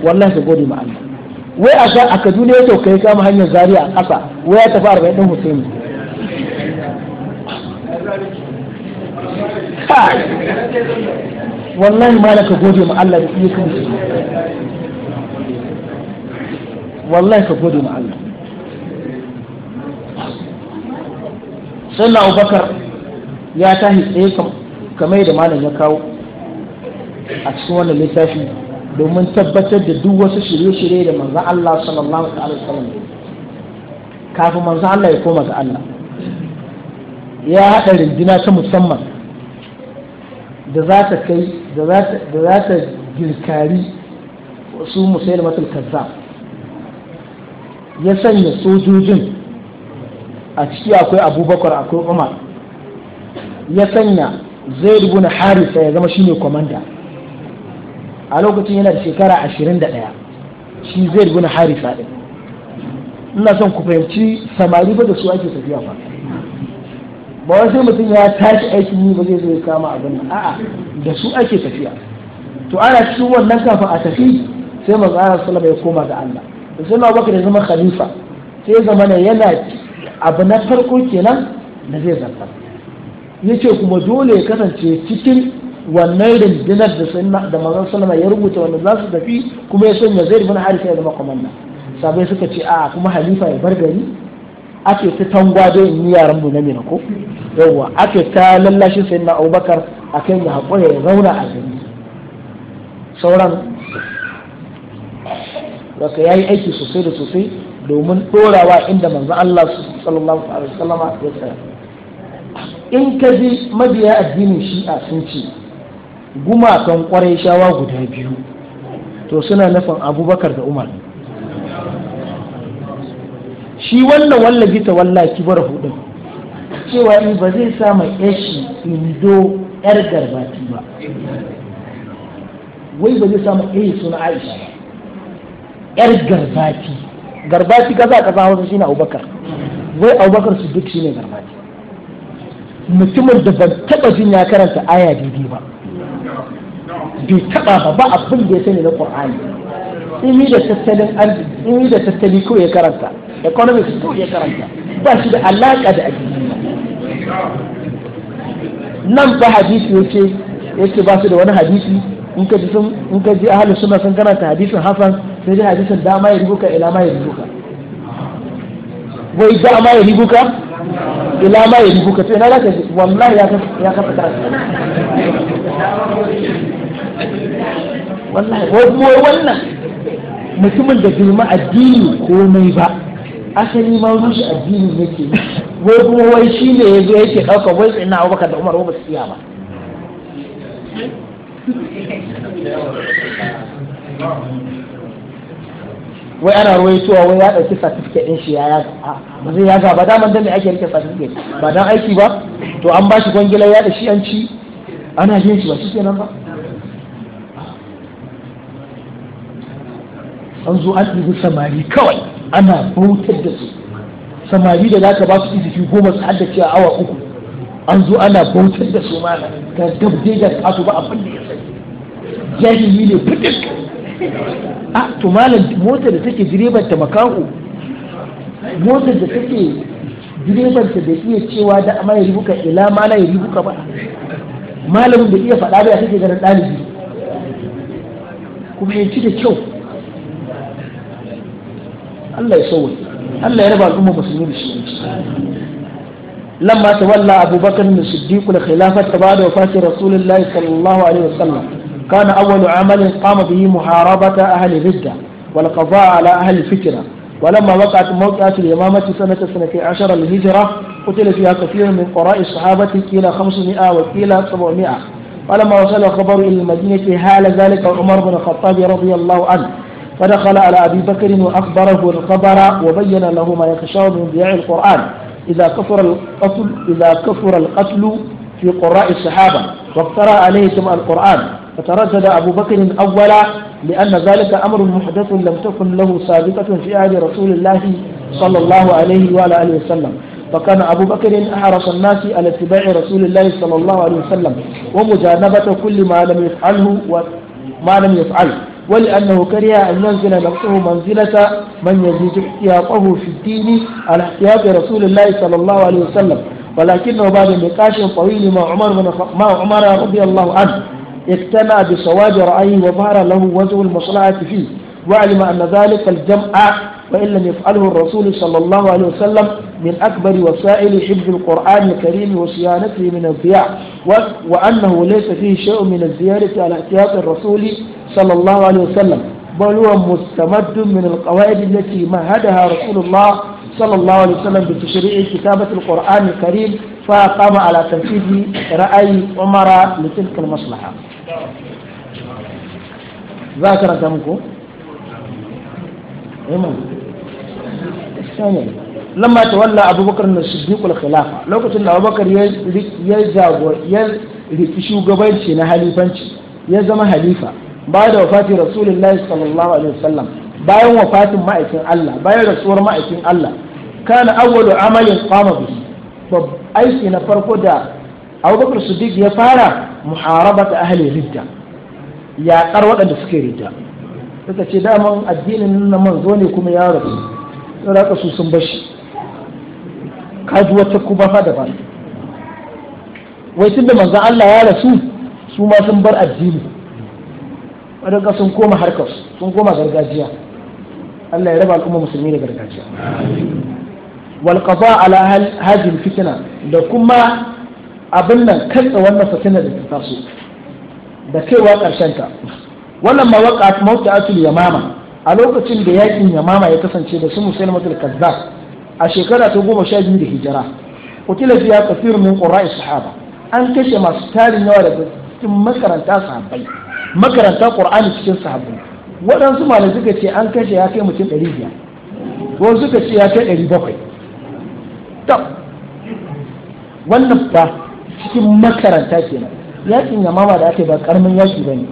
Speaker 1: wallahi ka gode ma Allah wai a a Kaduna ya kai kama hanyar Zaria a ƙasa wai ya tafi arba'in ɗin Hussein
Speaker 2: kai wallahi malaka gode ma Allah da ka musulmi wallahi
Speaker 1: ka gode ma Allah sannan abubakar ya tashi tsaye kamar da malam ya kawo a cikin wannan littafi domin tabbatar da duk wasu shirye-shirye da manzan Allah sallallahu alaihi wasallam kafin manzan Allah ya koma ga Allah ya hada rindina ta musamman da za ta kai da za ta girkari su musailamatul kazzab ya sanya sojojin a ciki akwai abubakar akwai umar ya sanya zai ibn harisa ya zama shine komanda a lokacin yana da shekara ashirin da ɗaya shi zai ibn harisa ɗin ina son ku fahimci samari ba da su ake tafiya ba ba wai sai mutum ya tashi aikin yi ba zai zo ya kama abin nan a'a da su ake tafiya to ana cikin wannan kafin a tafi sai manzo Allah ya koma ga Allah da sai abubakar ya zama khalifa sai zama ne yana abu na farko kenan da zai zartar ya ce kuma dole ya kasance cikin wannan rundunar da sunna da manzon sallama ya rubuta wanda za su tafi kuma ya sanya zai bin harisa ya zama komanda sabai suka ce a kuma halifa ya bar gari ake ta tangwa da yin yaran mu na mina ko yawwa ake ta lallashi sayyidina abubakar a akan ya haƙura ya zauna a gari sauran ya yi aiki sosai da sosai domin dorawa inda manzon Allah sallallahu alaihi wasallam ya tsaya in ka ji mabiya addinin shi'a sun ce gumakan kwarai shawa guda biyu to suna nufin abubakar da umar shi wannan wallafi ta wallaki bar hudun cewa in ba zai samu yashi indo yar garbati ba wai ba zai samu iya suna aisha
Speaker 2: yar garbati
Speaker 1: garbati kaza kaza hausa shine abubakar wai abubakar su duk shine garbati mutumin da ban taba jin ya karanta aya daidai ba bai taba ba ba abin da ya sani na qur'ani imi da tattalin arziki imi da tattali ko ya karanta economics ko ya karanta ba shi da alaka da addini nan ba hadisi yace yace ba su da wani hadisi in ka ji sun in ka ji ahlus sunna sun karanta hadisin hasan sai dai hadisan dama ya rubuka? ila ma ya rubuka?
Speaker 2: wai dama ya rubuka? ila ma ya rubuka? to ina za ji wallahi ya kafa ta wallahi wai wannan
Speaker 1: mutumin da girma addini komai ba asali ma wani shi addini yake wai kuma wai shi ne ya zo yake ɗauka wai abu abubakar da umar ba su iya ba wai ana suwa wai ya ɗauki certificate ɗin shi ya yaga ba zai yaga ba daman dan me ake rike certificate ba dan aiki ba to an ba shi gwangilar da shi an ci ana yin shi ba shi kenan ba an zo an ɗibi samari kawai ana bautar da su samari da zaka ba su izifi goma su hada a awa uku an zo ana bautar da su mana ga dabdai ga kasu ba abin da ya sani
Speaker 2: jahili ne
Speaker 1: a to malam mota da take direban ta makaho motar da take direban ta da iya cewa da amma ya ribuka ila ma ya ribuka ba malamin da iya faɗa da ya take ganin ɗalibi ku fahimci da kyau Allah ya sauwa Allah ya raba al'umma musulmi da shi لما abubakar أبو بكر الصديق الخلافة بعد وفاة رسول الله sallallahu alaihi عليه وسلم كان أول عمل قام به محاربة أهل الردة والقضاء على أهل الفتنة ولما وقعت موقعة الإمامة سنة سنة عشر للهجرة قتل فيها كثير من قراء الصحابة قيل 500 وقيل 700 ولما وصل الخبر إلى المدينة هال ذلك عمر بن الخطاب رضي الله عنه فدخل على أبي بكر وأخبره الخبر وبين له ما يخشاه من ضياع القرآن إذا كثر القتل إذا كثر القتل في قراء الصحابة واقترأ عليهم القرآن فتردد أبو بكر أولا لأن ذلك أمر محدث لم تكن له سابقة في عهد رسول الله صلى الله عليه وعلى آله وسلم فكان أبو بكر أحرص الناس على اتباع رسول الله صلى الله عليه وسلم ومجانبة كل ما لم يفعله وما لم يفعله ولأنه كره أن ينزل نفسه منزلة من يزيد احتياطه في الدين على احتياط رسول الله صلى الله عليه وسلم ولكنه بعد نقاش طويل مع عمر مع عمر رضي الله عنه اقتنع بصواب رأيه وظهر له وجه المصلحة فيه واعلم أن ذلك الجمع وإن لم يفعله الرسول صلى الله عليه وسلم من أكبر وسائل حفظ القرآن الكريم وصيانته من الضياع وأنه ليس فيه شيء من الزيادة على احتياط الرسول صلى الله عليه وسلم بل هو مستمد من القواعد التي مهدها رسول الله صلى الله عليه وسلم بتشريع كتابة القرآن الكريم فقام على تنفيذ رأي عمر لتلك المصلحة ذاكرة تمكو ثانيا لما تولى أبو بكر الصديق الخلافة لو كنت أبو بكر يزاغ يركشو قبيلشي نهالي بنشي يزم هليفة بعد وفاة رسول الله صلى الله عليه وسلم bayan wafatin ma'aikin Allah bayan rasuwar ma'aikin Allah kana awwalu amalin qama bihi aiki na farko da abubakar siddiq ya fara muharaba ta ahalin ridda ya kar waɗanda suke ridda suka ce daman addinin na zo ne kuma ya rasu sun raka su sun bashi kaji wata kuma fa daban wai tun da manzan Allah ya rasu su ma sun bar addini wadanda sun koma harkar sun koma gargajiya Allah ya raba al'umma musulmi da gargajiya wal qada ala hadhihi da kuma abin nan kanta wannan fitina da ta taso da kaiwa karshen ta wannan ma waqa'at mawta'atul yamama a lokacin da yakin yamama ya kasance da su musulmatul kazzab a shekara ta goma sha biyu da hijira kutila fiya kafir min qura'i sahaba an kashe masu tarin yawa daga cikin makaranta sahabbai makaranta qur'ani cikin sahabbai waɗansu malamai suka ce an kashe ya kai mutum ɗari biyar wasu ce ya kai ɗari bakwai wannan fa cikin makaranta kenan yakin yamama da ake ba karamin yaki ba ne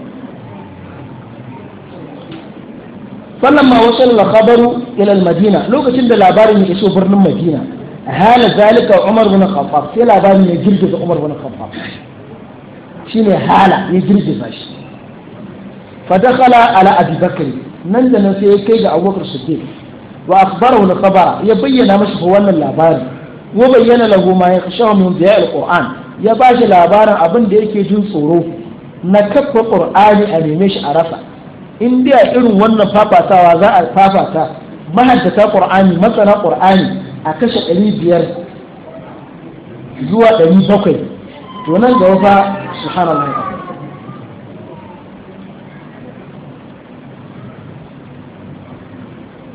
Speaker 1: sannan ma wasu lakabaru ilal madina lokacin da labarin ya iso birnin madina a hana zalika umar bin khattab sai labarin ya girgiza umar bin khattab shine hala ya girgiza shi fa dakhala ala abi bakr nan da nan sai ya kai ga abubakar siddiq wa akhbarahu al khabara ya bayyana masa wannan labarin wa bayyana lahu ma yakhshaw min al ya bashi labarin abin da yake jin tsoro na kafa Qur'ani a neme shi a rasa in dai irin wannan fafatawa za a fafata mahaddata Qur'ani masana Qur'ani a kashe ɗari biyar zuwa ɗari bakwai to nan gaba fa subhanallah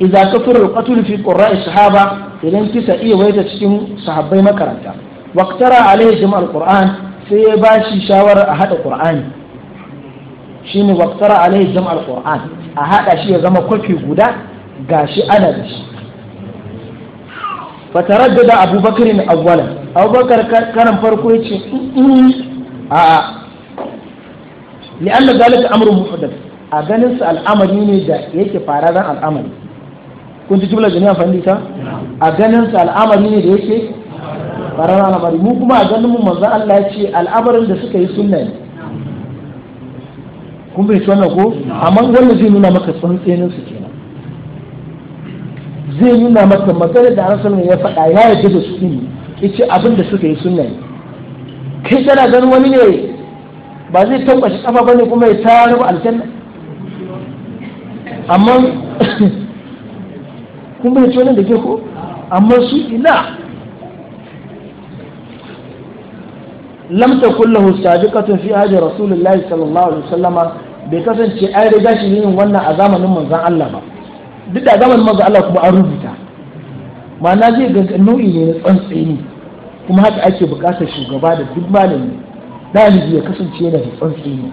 Speaker 1: إذا كثر القتل في قراء الصحابة idan kisa iya waita cikin sahabbai makaranta waktara alaihi jama'ar qur'an sai ya ba shi shawara a hada qur'ani shine waktara alaihi jama'ar qur'an a hada shi ya zama kwafi guda gashi ana da shi fataraddada abubakar ne awwalan abubakar karan farko ya ce mm, mm, mm. a li'anna zalika amrun muhaddath a ganin su al'amari ne da yake fararen al'amari kun ji jumla da ni ita a ganin su al'amari ne da yake ƙararra al'amari mu kuma a ganin mu manzan Allah ce al'amarin da suka yi sunna ne kun bai na ko amma wannan zai nuna maka tsantsenin su kenan zai nuna maka maganar da rasul ya faɗa ya yarda da su ne yace abin da suka yi sunna ne kai kana ganin wani ne ba zai tabbaci kafa bane kuma ya ba aljanna amma kun bai wannan da ke ko amma su ina lam takun lahu sabiqatun fi ahdi rasulillahi sallallahu alaihi wasallama bai kasance an riga shi yin wannan a zamanin manzon Allah ba duk da zamanin manzon Allah kuma an rubuta ma'ana zai ga nau'i ne na tsantseni kuma haka ake bukatar shugaba da duk malami ɗalibi ya kasance yana da tsantseni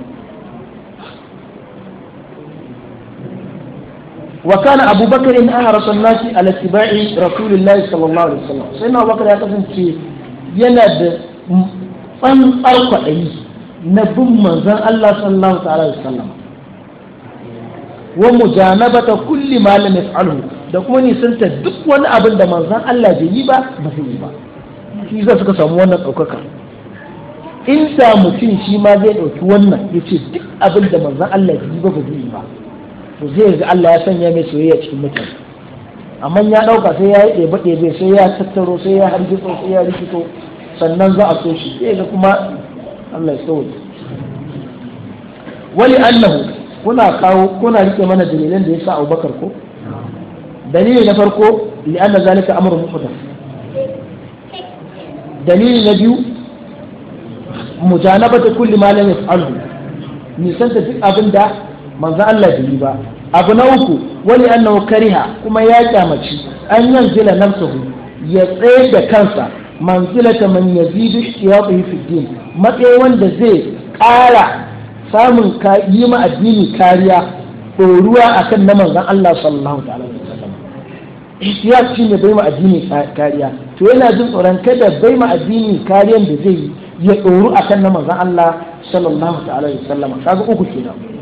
Speaker 1: وكان أبو بكر أحرص الناس على اتباع رسول الله صلى الله عليه وسلم سيدنا أبو بكر يقصد في يلد أن أرقعي نبم من الله صلى الله عليه وسلم ومجانبة كل ما لم يفعله da kuma nisanta duk wani abin da manzan Allah bai yi ba ba su yi ba shi za suka samu wannan ɗaukaka in sa mutum shi ma zai ɗauki wannan ya ce duk abin da manzan Allah bai yi ba ba yi ba to zai ga Allah ya sanya mai soyayya cikin mutane amma ya dauka sai ya yi ɗebe ɗebe sai ya tattaro sai ya hargitso sai ya rikito sannan za a so shi sai ga kuma Allah ya sauke wali annahu kuna kawo kuna rike mana dalilan da ya sa Abubakar ko dalili na farko li anna zalika amru muqaddar dalili na biyu mujanabata kulli ma lam yaf'alhu nisan da duk abin da manzo Allah bai yi ba abu na uku wani annahu kariha kuma ya kyamaci an yanzila nafsuhu ya tsaye da kansa manzilata man yazidu bai fi din matsayi wanda zai ƙara samun yi ma addini kariya ɗoruwa akan na manzan Allah sallallahu alaihi wasallam ihtiyat shine bai ma addini kariya to yana jin tsoron kada bai ma addini kariyan da zai yi ya ɗoru akan na manzan Allah sallallahu alaihi wasallam kaga uku kenan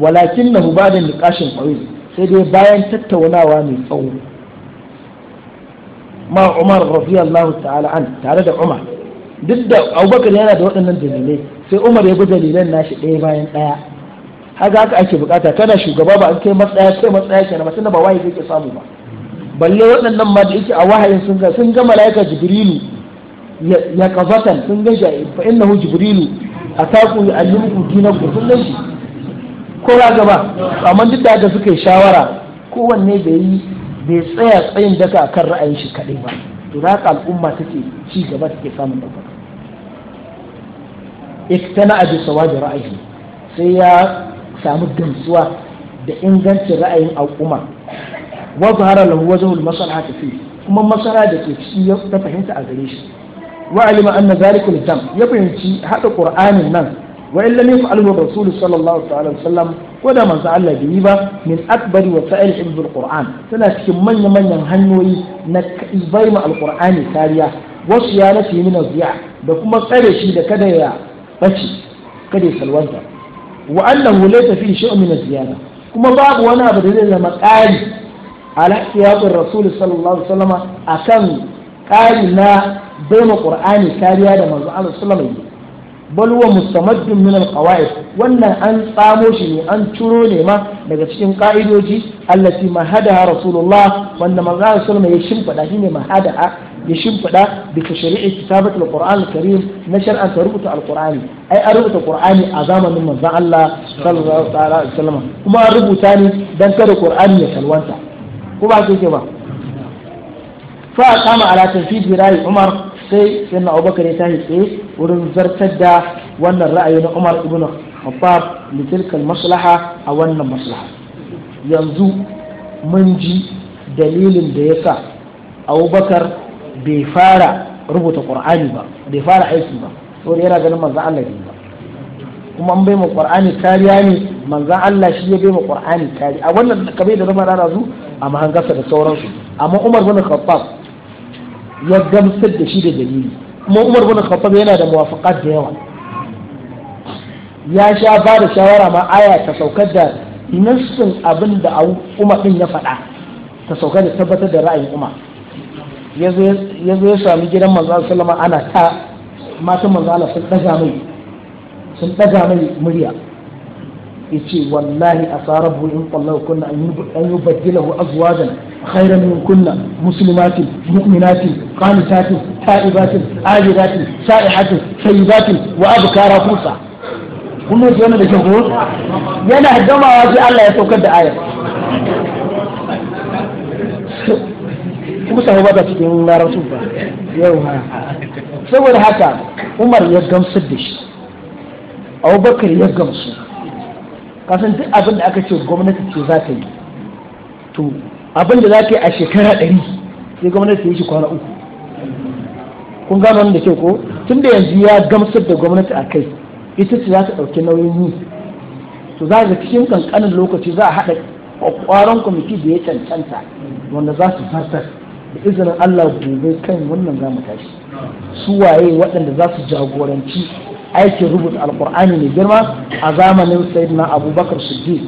Speaker 1: walakin na da niƙashin ƙwai sai dai bayan tattaunawa mai tsawo ma umar radiyallahu ta'ala an tare da umar duk da abubakar yana da waɗannan dalilai sai umar ya bi dalilan nashi ɗaya bayan ɗaya haka haka ake bukata kana shugaba ba an kai matsaya kai matsaya na mutum ba wahayi kake samu ba balle waɗannan ma da yake a wahayin sun ga sun ga malaika jibrilu ya kazatan sun ga fa innahu jibrilu ataku yu'allimukum dinakum sun ga shi
Speaker 2: ko za gaba ba amma
Speaker 1: duk da haka suka yi shawara kowanne da yi bai tsaya tsayin daka a kan ra'ayin shi kaɗai ba to da haka al'umma ta ce ci gaba take samun ɗaukaka iktana a bisa wajen ra'ayi sai ya samu gamsuwa da ingancin ra'ayin al'umma wa zahara lahu wajhul ta fi kuma masara da ke ci ta fahimta a gare shi wa alima anna zalikul jam ya fahimci haɗa qur'anin nan wa in lam yaf'alhu rasul sallallahu alaihi wasallam ko da manzo Allah bai yi ba min akbari wa sa'il hibdul qur'an tana cikin manyan manyan hanyoyi na bai ma alqur'ani kariya wasu ya nafi min ziya da kuma tsare shi da kada ya bace kada ya salwanta wa annahu laysa fi shay'un min ziyada kuma babu wani abu da zai zama ƙari ala ihtiyaqir rasul sallallahu alaihi wasallam akan ƙari na bai ma qur'ani kariya da manzo Allah sallallahu alaihi wasallam bal huwa mustamaddun min alqawa'id wannan an tsamo shi ne an ciro ne ma daga cikin ka'idoji allati mahadaha rasulullah wanda manzo sallallahu alaihi wasallam ya shimfida shine mahadaha ya shimfida bisa shari'i kitabatul alquran alkarim na shar'an ta rubuta alqurani ai an rubuta qur'ani a zamanin manzo Allah sallallahu alaihi wasallam kuma an rubuta ne dan kada qur'ani ya salwanta ko ba ke ba fa kama ala tanfidi rayi umar sai yana abubakar ya tashi tsaye wurin zartar da wannan ra'ayi na umar ibn khattab litilkal maslaha a wannan maslaha yanzu mun ji dalilin da yasa abubakar bai fara rubuta qur'ani ba bai fara aiki ba saboda yana ganin manzon Allah ba kuma an bai ma qur'ani kariya ne manzon Allah shi ya bai ma qur'ani kariya a wannan kabe da zama rana zu a mahangarsa da sauransu amma umar bin khattab ya gamsar da shi da dalili kuma umar bin khattab yana da muwafaqat da yawa ya sha ba da shawara ma aya ta saukar da nassin abin da umar din ya faɗa ta saukar da tabbatar da ra'ayin umar ya zo ya sami gidan manzo sallama ana ta matan manzo Allah sun daga mai sun daga mai murya يتي والله أصاره إن طلوا كنا أن يبدله أزواجا خيرا من كنا مسلمات مؤمنات قانتات تائبات عابدات سائحات سيدات وأبكار فرصة كل ما جينا بجهود جينا هدوما واجي الله يتوكد آية kuma sahoba ba cikin larabci ba yau ha saboda haka umar ya gamsu da shi abubakar ya gamsu kasan duk abin da aka ce gwamnati ce za ta yi to abin da za ta yi a shekara ɗari sai gwamnati ta yi shi kwana uku kun gano wanda ke ko tun da yanzu ya gamsar da gwamnati a kai ita ce za ta ɗauki nauyin yi to za ga cikin kankanin lokaci za a haɗa ƙwaron kwamiti da ya cancanta wanda za su fasar da izinin Allah gobe kan wannan za mu tashi su waye waɗanda za su jagoranci aikin rubuta alkur'ani mai girma a zamanin sayyidina abubakar siddiq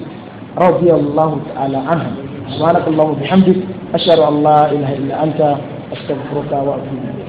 Speaker 1: radiyallahu ta'ala anhu subhanakallahumma bihamdik ashhadu an la ilaha illa anta astaghfiruka wa atubu